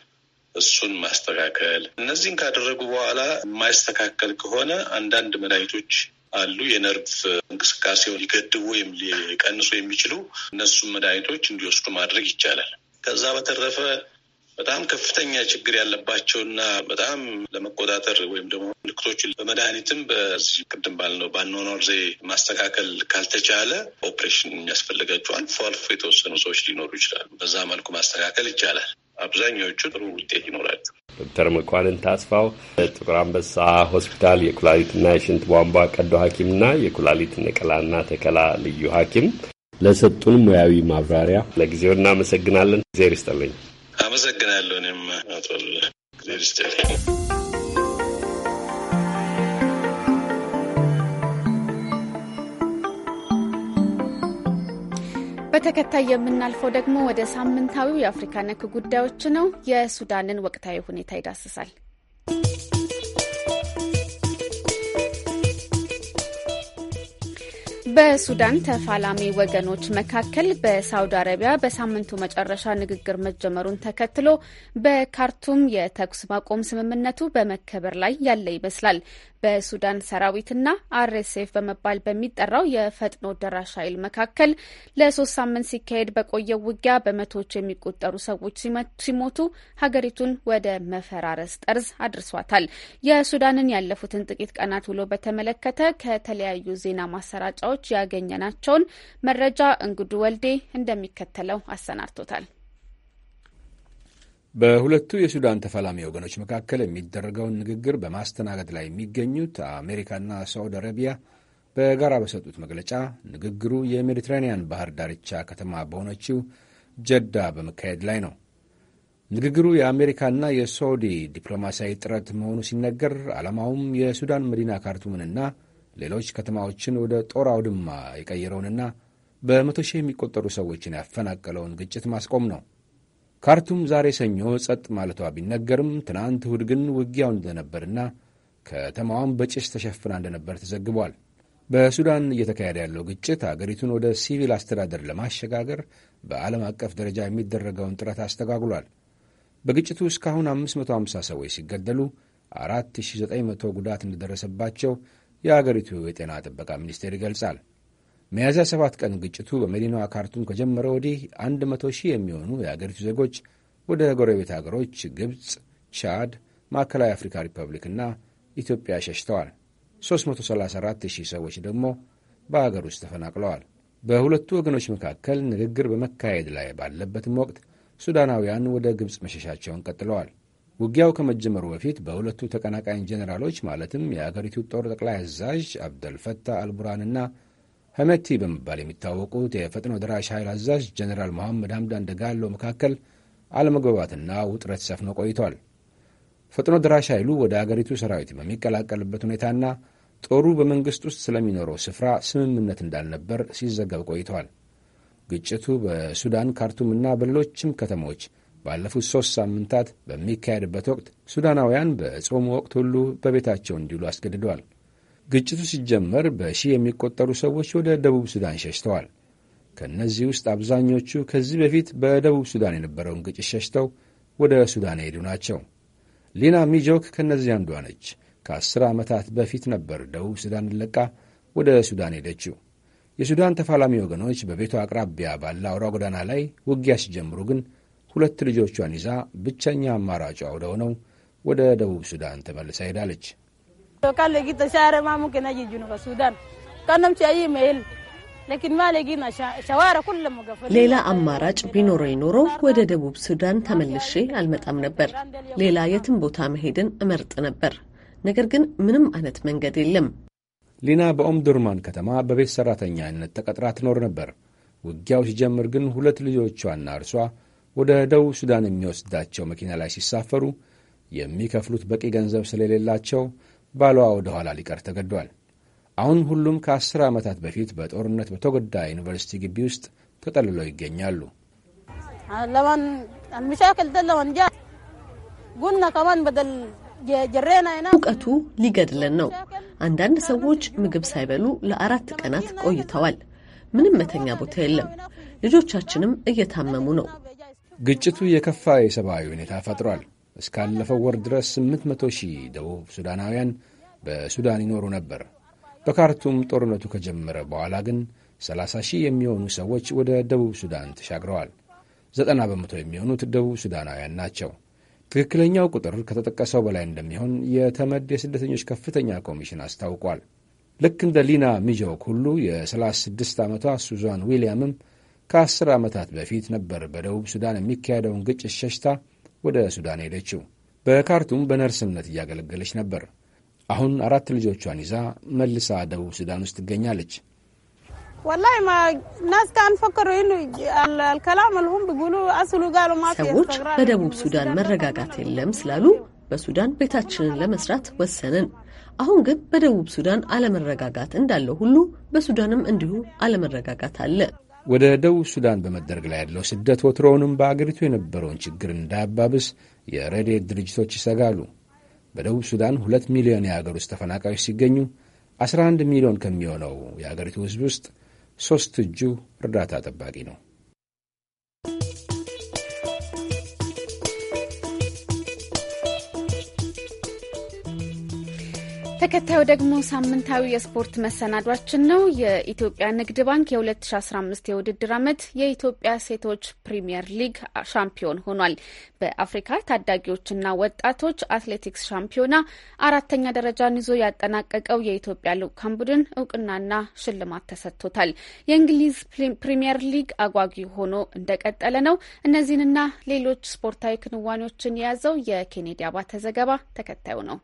እሱን ማስተካከል። እነዚህን ካደረጉ በኋላ የማይስተካከል ከሆነ አንዳንድ መድኃኒቶች አሉ የነርቭ እንቅስቃሴውን ሊገድቡ ወይም ሊቀንሱ የሚችሉ እነሱን መድኃኒቶች እንዲወስዱ ማድረግ ይቻላል። ከዛ በተረፈ በጣም ከፍተኛ ችግር ያለባቸውና በጣም ለመቆጣጠር ወይም ደግሞ ምልክቶቹን በመድኃኒትም በዚህ ቅድም ባልነው በአኗኗር ዜ ማስተካከል ካልተቻለ ኦፕሬሽን የሚያስፈልጋቸው አልፎ አልፎ የተወሰኑ ሰዎች ሊኖሩ ይችላሉ። በዛ መልኩ ማስተካከል ይቻላል። አብዛኛዎቹ ጥሩ ውጤት ይኖራሉ። ዶክተር መኳንን ታስፋው ጥቁር አንበሳ ሆስፒታል የኩላሊትና የሽንት ቧንቧ ቀዶ ሐኪምና የኩላሊት ነቀላና ተከላ ልዩ ሐኪም ለሰጡን ሙያዊ ማብራሪያ ለጊዜው እናመሰግናለን። ዜር ይስጥልኝ። አመሰግናለሁ። እኔም አቶ በተከታይ የምናልፈው ደግሞ ወደ ሳምንታዊው የአፍሪካ ነክ ጉዳዮች ነው። የሱዳንን ወቅታዊ ሁኔታ ይዳስሳል። በሱዳን ተፋላሚ ወገኖች መካከል በሳውዲ አረቢያ በሳምንቱ መጨረሻ ንግግር መጀመሩን ተከትሎ በካርቱም የተኩስ ማቆም ስምምነቱ በመከበር ላይ ያለ ይመስላል። በሱዳን ሰራዊትና አርኤስኤፍ በመባል በሚጠራው የፈጥኖ ደራሽ ኃይል መካከል ለሶስት ሳምንት ሲካሄድ በቆየው ውጊያ በመቶዎች የሚቆጠሩ ሰዎች ሲሞቱ ሀገሪቱን ወደ መፈራረስ ጠርዝ አድርሷታል። የሱዳንን ያለፉትን ጥቂት ቀናት ውሎ በተመለከተ ከተለያዩ ዜና ማሰራጫዎች ከሰዎች ያገኘናቸውን መረጃ እንግዱ ወልዴ እንደሚከተለው አሰናድቶታል። በሁለቱ የሱዳን ተፋላሚ ወገኖች መካከል የሚደረገውን ንግግር በማስተናገድ ላይ የሚገኙት አሜሪካና ሳዑዲ አረቢያ በጋራ በሰጡት መግለጫ ንግግሩ የሜዲትራኒያን ባህር ዳርቻ ከተማ በሆነችው ጀዳ በመካሄድ ላይ ነው። ንግግሩ የአሜሪካና የሳዑዲ ዲፕሎማሲያዊ ጥረት መሆኑ ሲነገር ዓላማውም የሱዳን መዲና ካርቱምንና ሌሎች ከተማዎችን ወደ ጦር አውድማ የቀየረውንና በመቶ ሺህ የሚቆጠሩ ሰዎችን ያፈናቀለውን ግጭት ማስቆም ነው። ካርቱም ዛሬ ሰኞ ጸጥ ማለቷ ቢነገርም ትናንት እሁድ ግን ውጊያው እንደነበርና ከተማዋም በጭስ ተሸፍና እንደነበር ተዘግቧል። በሱዳን እየተካሄደ ያለው ግጭት አገሪቱን ወደ ሲቪል አስተዳደር ለማሸጋገር በዓለም አቀፍ ደረጃ የሚደረገውን ጥረት አስተጓጉሏል። በግጭቱ እስካሁን 550 ሰዎች ሲገደሉ 4900 ጉዳት እንደደረሰባቸው የአገሪቱ የጤና ጥበቃ ሚኒስቴር ይገልጻል። ሚያዝያ ሰባት ቀን ግጭቱ በመዲናዋ ካርቱም ከጀመረ ወዲህ መቶ ሺህ የሚሆኑ የአገሪቱ ዜጎች ወደ ጎረቤት አገሮች ግብፅ፣ ቻድ፣ ማዕከላዊ አፍሪካ ሪፐብሊክና ኢትዮጵያ ሸሽተዋል። 334 ሺህ ሰዎች ደግሞ በአገር ውስጥ ተፈናቅለዋል። በሁለቱ ወገኖች መካከል ንግግር በመካሄድ ላይ ባለበትም ወቅት ሱዳናውያን ወደ ግብፅ መሸሻቸውን ቀጥለዋል። ውጊያው ከመጀመሩ በፊት በሁለቱ ተቀናቃኝ ጄኔራሎች ማለትም የአገሪቱ ጦር ጠቅላይ አዛዥ አብደልፈታህ አልቡርሃንና ሀመቲ በመባል የሚታወቁት የፈጥኖ ደራሽ ኃይል አዛዥ ጀኔራል መሐመድ ሐምዳን ደጋሎ መካከል አለመግባባትና ውጥረት ሰፍኖ ቆይቷል። ፈጥኖ ደራሽ ኃይሉ ወደ አገሪቱ ሰራዊት በሚቀላቀልበት ሁኔታና ጦሩ በመንግሥት ውስጥ ስለሚኖረው ስፍራ ስምምነት እንዳልነበር ሲዘገብ ቆይቷል። ግጭቱ በሱዳን ካርቱምና በሌሎችም ከተሞች ባለፉት ሦስት ሳምንታት በሚካሄድበት ወቅት ሱዳናውያን በጾሙ ወቅት ሁሉ በቤታቸው እንዲውሉ አስገድደዋል። ግጭቱ ሲጀመር በሺህ የሚቆጠሩ ሰዎች ወደ ደቡብ ሱዳን ሸሽተዋል። ከእነዚህ ውስጥ አብዛኞቹ ከዚህ በፊት በደቡብ ሱዳን የነበረውን ግጭት ሸሽተው ወደ ሱዳን የሄዱ ናቸው። ሊና ሚጆክ ከእነዚህ አንዷ ነች። ከአስር ዓመታት በፊት ነበር ደቡብ ሱዳን ለቃ ወደ ሱዳን ሄደችው። የሱዳን ተፋላሚ ወገኖች በቤቷ አቅራቢያ ባለ አውራ ጎዳና ላይ ውጊያ ሲጀምሩ ግን ሁለት ልጆቿን ይዛ ብቸኛ አማራጯ ወደ ሆነው ወደ ደቡብ ሱዳን ተመልሳ ሄዳለች። ሌላ አማራጭ ቢኖረኝ ኖሮ ወደ ደቡብ ሱዳን ተመልሼ አልመጣም ነበር። ሌላ የትም ቦታ መሄድን እመርጥ ነበር። ነገር ግን ምንም አይነት መንገድ የለም። ሊና በኦምዱርማን ከተማ በቤት ሰራተኛነት ተቀጥራ ትኖር ነበር። ውጊያው ሲጀምር ግን ሁለት ልጆቿና እርሷ ወደ ደቡብ ሱዳን የሚወስዳቸው መኪና ላይ ሲሳፈሩ የሚከፍሉት በቂ ገንዘብ ስለሌላቸው ባሏ ወደ ኋላ ሊቀር ተገዷል። አሁን ሁሉም ከአስር ዓመታት በፊት በጦርነት በተጎዳ ዩኒቨርሲቲ ግቢ ውስጥ ተጠልለው ይገኛሉ። እውቀቱ ሊገድለን ነው። አንዳንድ ሰዎች ምግብ ሳይበሉ ለአራት ቀናት ቆይተዋል። ምንም መተኛ ቦታ የለም። ልጆቻችንም እየታመሙ ነው። ግጭቱ የከፋ የሰብአዊ ሁኔታ ፈጥሯል። እስካለፈው ወር ድረስ 800 ሺህ ደቡብ ሱዳናውያን በሱዳን ይኖሩ ነበር። በካርቱም ጦርነቱ ከጀመረ በኋላ ግን 30 ሺህ የሚሆኑ ሰዎች ወደ ደቡብ ሱዳን ተሻግረዋል። 90 በመቶ የሚሆኑት ደቡብ ሱዳናውያን ናቸው። ትክክለኛው ቁጥር ከተጠቀሰው በላይ እንደሚሆን የተመድ የስደተኞች ከፍተኛ ኮሚሽን አስታውቋል። ልክ እንደ ሊና ሚጆክ ሁሉ የ36 ዓመቷ ሱዛን ዊሊያምም ከአስር ዓመታት በፊት ነበር በደቡብ ሱዳን የሚካሄደውን ግጭት ሸሽታ ወደ ሱዳን ሄደችው። በካርቱም በነርስነት እያገለገለች ነበር። አሁን አራት ልጆቿን ይዛ መልሳ ደቡብ ሱዳን ውስጥ ትገኛለች። ሰዎች በደቡብ ሱዳን መረጋጋት የለም ስላሉ በሱዳን ቤታችንን ለመስራት ወሰንን። አሁን ግን በደቡብ ሱዳን አለመረጋጋት እንዳለው ሁሉ በሱዳንም እንዲሁ አለመረጋጋት አለ። ወደ ደቡብ ሱዳን በመደረግ ላይ ያለው ስደት ወትሮውንም በአገሪቱ የነበረውን ችግር እንዳያባብስ የረድኤት ድርጅቶች ይሰጋሉ። በደቡብ ሱዳን ሁለት ሚሊዮን የአገር ውስጥ ተፈናቃዮች ሲገኙ 11 ሚሊዮን ከሚሆነው የአገሪቱ ሕዝብ ውስጥ ሦስት እጁ እርዳታ ጠባቂ ነው። ተከታዩ ደግሞ ሳምንታዊ የስፖርት መሰናዷችን ነው። የኢትዮጵያ ንግድ ባንክ የ2015 የውድድር ዓመት የኢትዮጵያ ሴቶች ፕሪምየር ሊግ ሻምፒዮን ሆኗል። በአፍሪካ ታዳጊዎችና ወጣቶች አትሌቲክስ ሻምፒዮና አራተኛ ደረጃን ይዞ ያጠናቀቀው የኢትዮጵያ ልዑካን ቡድን እውቅናና ሽልማት ተሰጥቶታል። የእንግሊዝ ፕሪምየር ሊግ አጓጊ ሆኖ እንደቀጠለ ነው። እነዚህንና ሌሎች ስፖርታዊ ክንዋኔዎችን የያዘው የኬኔዲ አባተ ዘገባ ተከታዩ ነው።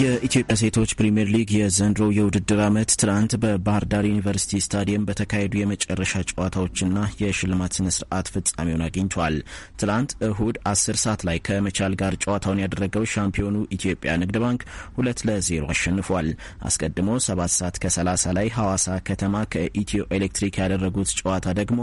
የኢትዮጵያ ሴቶች ፕሪምየር ሊግ የዘንድሮ የውድድር ዓመት ትናንት በባህር ዳር ዩኒቨርሲቲ ስታዲየም በተካሄዱ የመጨረሻ ጨዋታዎችና የሽልማት ስነ ስርዓት ፍጻሜውን አግኝቷል። ትናንት እሁድ አስር ሰዓት ላይ ከመቻል ጋር ጨዋታውን ያደረገው ሻምፒዮኑ ኢትዮጵያ ንግድ ባንክ ሁለት ለዜሮ አሸንፏል። አስቀድሞ ሰባት ሰዓት ከሰላሳ ላይ ሐዋሳ ከተማ ከኢትዮ ኤሌክትሪክ ያደረጉት ጨዋታ ደግሞ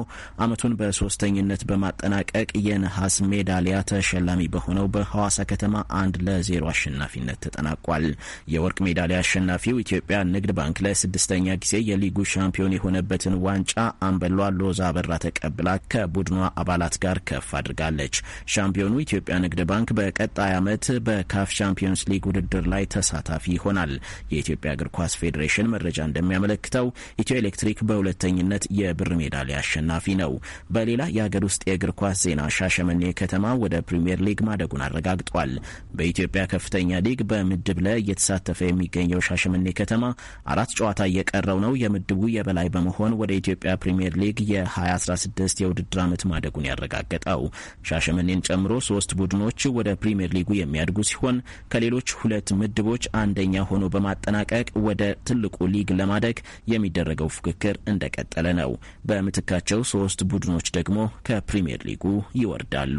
ዓመቱን በሶስተኝነት በማጠናቀቅ የነሐስ ሜዳሊያ ተሸላሚ በሆነው በሐዋሳ ከተማ አንድ ለዜሮ አሸናፊነት ተጠናቋል። አድርጓል። የወርቅ ሜዳሊያ አሸናፊው ኢትዮጵያ ንግድ ባንክ ለስድስተኛ ጊዜ የሊጉ ሻምፒዮን የሆነበትን ዋንጫ አምበሏ ሎዛ አበራ ተቀብላ ከቡድኗ አባላት ጋር ከፍ አድርጋለች። ሻምፒዮኑ ኢትዮጵያ ንግድ ባንክ በቀጣይ ዓመት በካፍ ሻምፒዮንስ ሊግ ውድድር ላይ ተሳታፊ ይሆናል። የኢትዮጵያ እግር ኳስ ፌዴሬሽን መረጃ እንደሚያመለክተው ኢትዮ ኤሌክትሪክ በሁለተኝነት የብር ሜዳሊያ አሸናፊ ነው። በሌላ የአገር ውስጥ የእግር ኳስ ዜና ሻሸመኔ ከተማ ወደ ፕሪምየር ሊግ ማደጉን አረጋግጧል። በኢትዮጵያ ከፍተኛ ሊግ በምድብ እየታገለ እየተሳተፈ የሚገኘው ሻሸመኔ ከተማ አራት ጨዋታ እየቀረው ነው የምድቡ የበላይ በመሆን ወደ ኢትዮጵያ ፕሪምየር ሊግ የ2016 የውድድር ዓመት ማደጉን ያረጋገጠው። ሻሸመኔን ጨምሮ ሶስት ቡድኖች ወደ ፕሪምየር ሊጉ የሚያድጉ ሲሆን ከሌሎች ሁለት ምድቦች አንደኛ ሆኖ በማጠናቀቅ ወደ ትልቁ ሊግ ለማደግ የሚደረገው ፉክክር እንደቀጠለ ነው። በምትካቸው ሶስት ቡድኖች ደግሞ ከፕሪምየር ሊጉ ይወርዳሉ።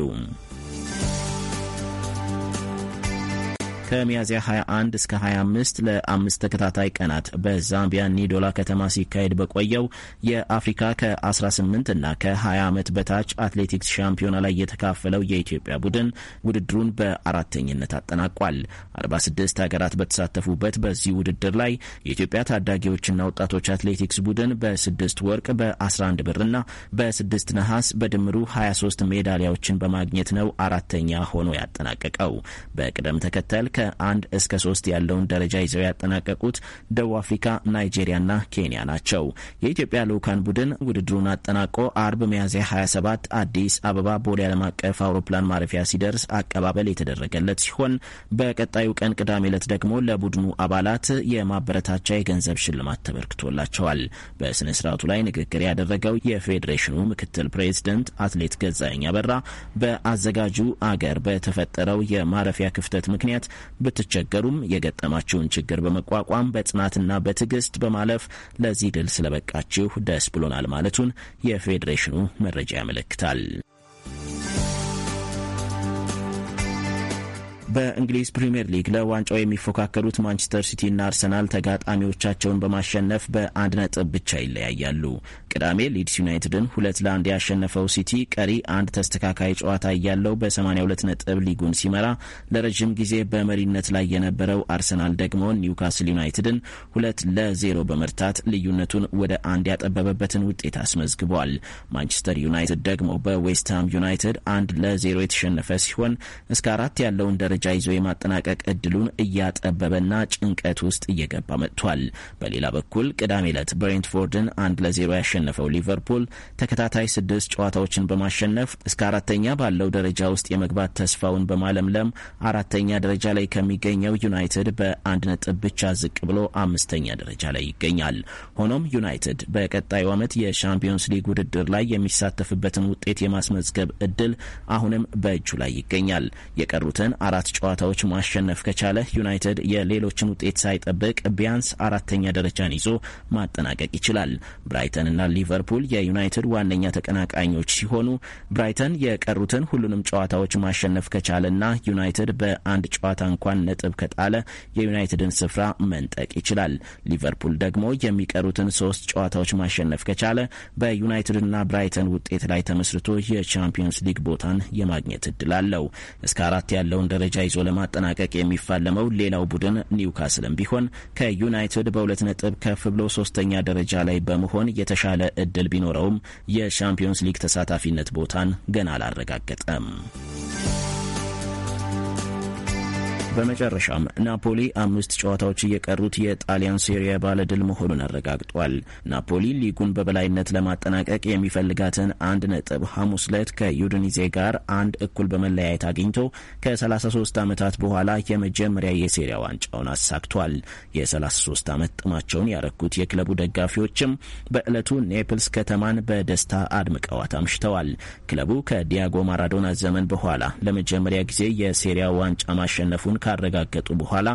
ከሚያዝያ 21 እስከ 25 ለአምስት ተከታታይ ቀናት በዛምቢያ ኒዶላ ከተማ ሲካሄድ በቆየው የአፍሪካ ከ18 እና ከ20 ዓመት በታች አትሌቲክስ ሻምፒዮና ላይ የተካፈለው የኢትዮጵያ ቡድን ውድድሩን በአራተኝነት አጠናቋል። 46 ሀገራት በተሳተፉበት በዚህ ውድድር ላይ የኢትዮጵያ ታዳጊዎችና ወጣቶች አትሌቲክስ ቡድን በስድስት ወርቅ፣ በ11 ብርና በስድስት ነሐስ በድምሩ 23 ሜዳሊያዎችን በማግኘት ነው አራተኛ ሆኖ ያጠናቀቀው። በቅደም ተከተል ከአንድ እስከ ሶስት ያለውን ደረጃ ይዘው ያጠናቀቁት ደቡብ አፍሪካ፣ ናይጄሪያና ኬንያ ናቸው። የኢትዮጵያ ልዑካን ቡድን ውድድሩን አጠናቆ አርብ ሚያዝያ 27 አዲስ አበባ ቦሌ ዓለም አቀፍ አውሮፕላን ማረፊያ ሲደርስ አቀባበል የተደረገለት ሲሆን በቀጣዩ ቀን ቅዳሜ ዕለት ደግሞ ለቡድኑ አባላት የማበረታቻ የገንዘብ ሽልማት ተበርክቶላቸዋል። በስነ ስርዓቱ ላይ ንግግር ያደረገው የፌዴሬሽኑ ምክትል ፕሬዚደንት አትሌት ገዛኸኝ አበራ በአዘጋጁ አገር በተፈጠረው የማረፊያ ክፍተት ምክንያት ብትቸገሩም የገጠማችሁን ችግር በመቋቋም በጽናትና በትዕግስት በማለፍ ለዚህ ድል ስለበቃችሁ ደስ ብሎናል ማለቱን የፌዴሬሽኑ መረጃ ያመለክታል። በእንግሊዝ ፕሪምየር ሊግ ለዋንጫው የሚፎካከሩት ማንቸስተር ሲቲና አርሰናል ተጋጣሚዎቻቸውን በማሸነፍ በአንድ ነጥብ ብቻ ይለያያሉ። ቅዳሜ ሊድስ ዩናይትድን ሁለት ለአንድ ያሸነፈው ሲቲ ቀሪ አንድ ተስተካካይ ጨዋታ እያለው በ82 ነጥብ ሊጉን ሲመራ፣ ለረዥም ጊዜ በመሪነት ላይ የነበረው አርሰናል ደግሞ ኒውካስል ዩናይትድን ሁለት ለዜሮ በመርታት ልዩነቱን ወደ አንድ ያጠበበበትን ውጤት አስመዝግቧል። ማንቸስተር ዩናይትድ ደግሞ በዌስትሃም ዩናይትድ አንድ ለዜሮ የተሸነፈ ሲሆን እስከ አራት ያለውን ደረጃ መረጃ ይዞ የማጠናቀቅ እድሉን እያጠበበና ጭንቀት ውስጥ እየገባ መጥቷል። በሌላ በኩል ቅዳሜ ዕለት ብሬንትፎርድን አንድ ለዜሮ ያሸነፈው ሊቨርፑል ተከታታይ ስድስት ጨዋታዎችን በማሸነፍ እስከ አራተኛ ባለው ደረጃ ውስጥ የመግባት ተስፋውን በማለምለም አራተኛ ደረጃ ላይ ከሚገኘው ዩናይትድ በአንድ ነጥብ ብቻ ዝቅ ብሎ አምስተኛ ደረጃ ላይ ይገኛል። ሆኖም ዩናይትድ በቀጣዩ ዓመት የሻምፒዮንስ ሊግ ውድድር ላይ የሚሳተፍበትን ውጤት የማስመዝገብ እድል አሁንም በእጁ ላይ ይገኛል። የቀሩትን አራት ጨዋታዎች ማሸነፍ ከቻለ ዩናይትድ የሌሎችን ውጤት ሳይጠብቅ ቢያንስ አራተኛ ደረጃን ይዞ ማጠናቀቅ ይችላል። ብራይተንና ሊቨርፑል የዩናይትድ ዋነኛ ተቀናቃኞች ሲሆኑ ብራይተን የቀሩትን ሁሉንም ጨዋታዎች ማሸነፍ ከቻለና ዩናይትድ በአንድ ጨዋታ እንኳን ነጥብ ከጣለ የዩናይትድን ስፍራ መንጠቅ ይችላል። ሊቨርፑል ደግሞ የሚቀሩትን ሶስት ጨዋታዎች ማሸነፍ ከቻለ በዩናይትድና ብራይተን ውጤት ላይ ተመስርቶ የቻምፒየንስ ሊግ ቦታን የማግኘት እድል አለው። እስከ አራት ያለውን ደረጃ ይዞ ለማጠናቀቅ የሚፋለመው ሌላው ቡድን ኒውካስልም ቢሆን ከዩናይትድ በሁለት ነጥብ ከፍ ብሎ ሶስተኛ ደረጃ ላይ በመሆን የተሻለ እድል ቢኖረውም የሻምፒዮንስ ሊግ ተሳታፊነት ቦታን ገና አላረጋገጠም። በመጨረሻም ናፖሊ አምስት ጨዋታዎች እየቀሩት የጣሊያን ሴሪያ ባለድል መሆኑን አረጋግጧል። ናፖሊ ሊጉን በበላይነት ለማጠናቀቅ የሚፈልጋትን አንድ ነጥብ ሐሙስ ዕለት ከዩድኒዜ ጋር አንድ እኩል በመለያየት አግኝቶ ከ33 ዓመታት በኋላ የመጀመሪያ የሴሪያ ዋንጫውን አሳክቷል። የ33 ዓመት ጥማቸውን ያረኩት የክለቡ ደጋፊዎችም በዕለቱ ኔፕልስ ከተማን በደስታ አድምቀዋት አምሽተዋል። ክለቡ ከዲያጎ ማራዶና ዘመን በኋላ ለመጀመሪያ ጊዜ የሴሪያ ዋንጫ ማሸነፉን ካረጋገጡ በኋላ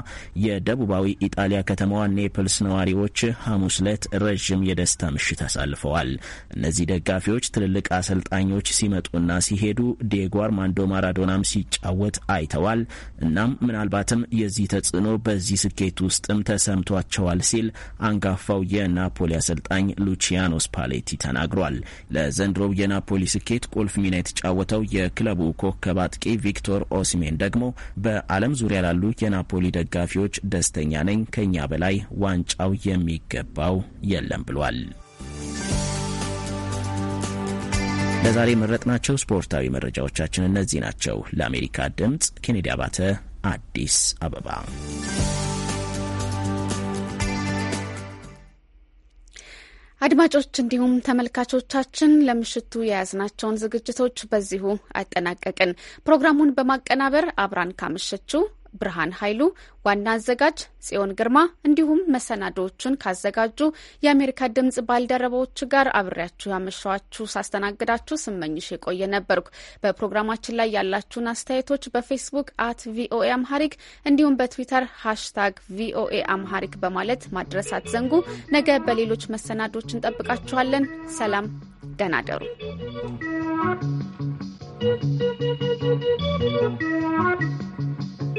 የደቡባዊ ኢጣሊያ ከተማዋ ኔፕልስ ነዋሪዎች ሐሙስ ዕለት ረዥም የደስታ ምሽት አሳልፈዋል። እነዚህ ደጋፊዎች ትልልቅ አሰልጣኞች ሲመጡና ሲሄዱ ዲየጎ አርማንዶ ማራዶናም ሲጫወት አይተዋል። እናም ምናልባትም የዚህ ተጽዕኖ በዚህ ስኬት ውስጥም ተሰምቷቸዋል ሲል አንጋፋው የናፖሊ አሰልጣኝ ሉቺያኖ ስፓሌቲ ተናግሯል። ለዘንድሮው የናፖሊ ስኬት ቁልፍ ሚና የተጫወተው የክለቡ ኮከብ አጥቂ ቪክቶር ኦሲሜን ደግሞ በዓለም ዙሪያ ያላሉ የናፖሊ ደጋፊዎች ደስተኛ ነኝ፣ ከኛ በላይ ዋንጫው የሚገባው የለም ብሏል። ለዛሬ የመረጥናቸው ስፖርታዊ መረጃዎቻችን እነዚህ ናቸው። ለአሜሪካ ድምፅ ኬኔዲ አባተ፣ አዲስ አበባ። አድማጮች እንዲሁም ተመልካቾቻችን ለምሽቱ የያዝናቸውን ዝግጅቶች በዚሁ አጠናቀቅን። ፕሮግራሙን በማቀናበር አብራን ካመሸችው ብርሃን ኃይሉ፣ ዋና አዘጋጅ ጽዮን ግርማ እንዲሁም መሰናዶዎቹን ካዘጋጁ የአሜሪካ ድምጽ ባልደረባዎች ጋር አብሬያችሁ ያመሻችሁ ሳስተናግዳችሁ ስመኝሽ የቆየ ነበርኩ። በፕሮግራማችን ላይ ያላችሁን አስተያየቶች በፌስቡክ አት ቪኦኤ አምሃሪክ እንዲሁም በትዊተር ሃሽታግ ቪኦኤ አምሃሪክ በማለት ማድረስ አትዘንጉ። ነገ በሌሎች መሰናዶዎች እንጠብቃችኋለን። ሰላም፣ ደህና ደሩ።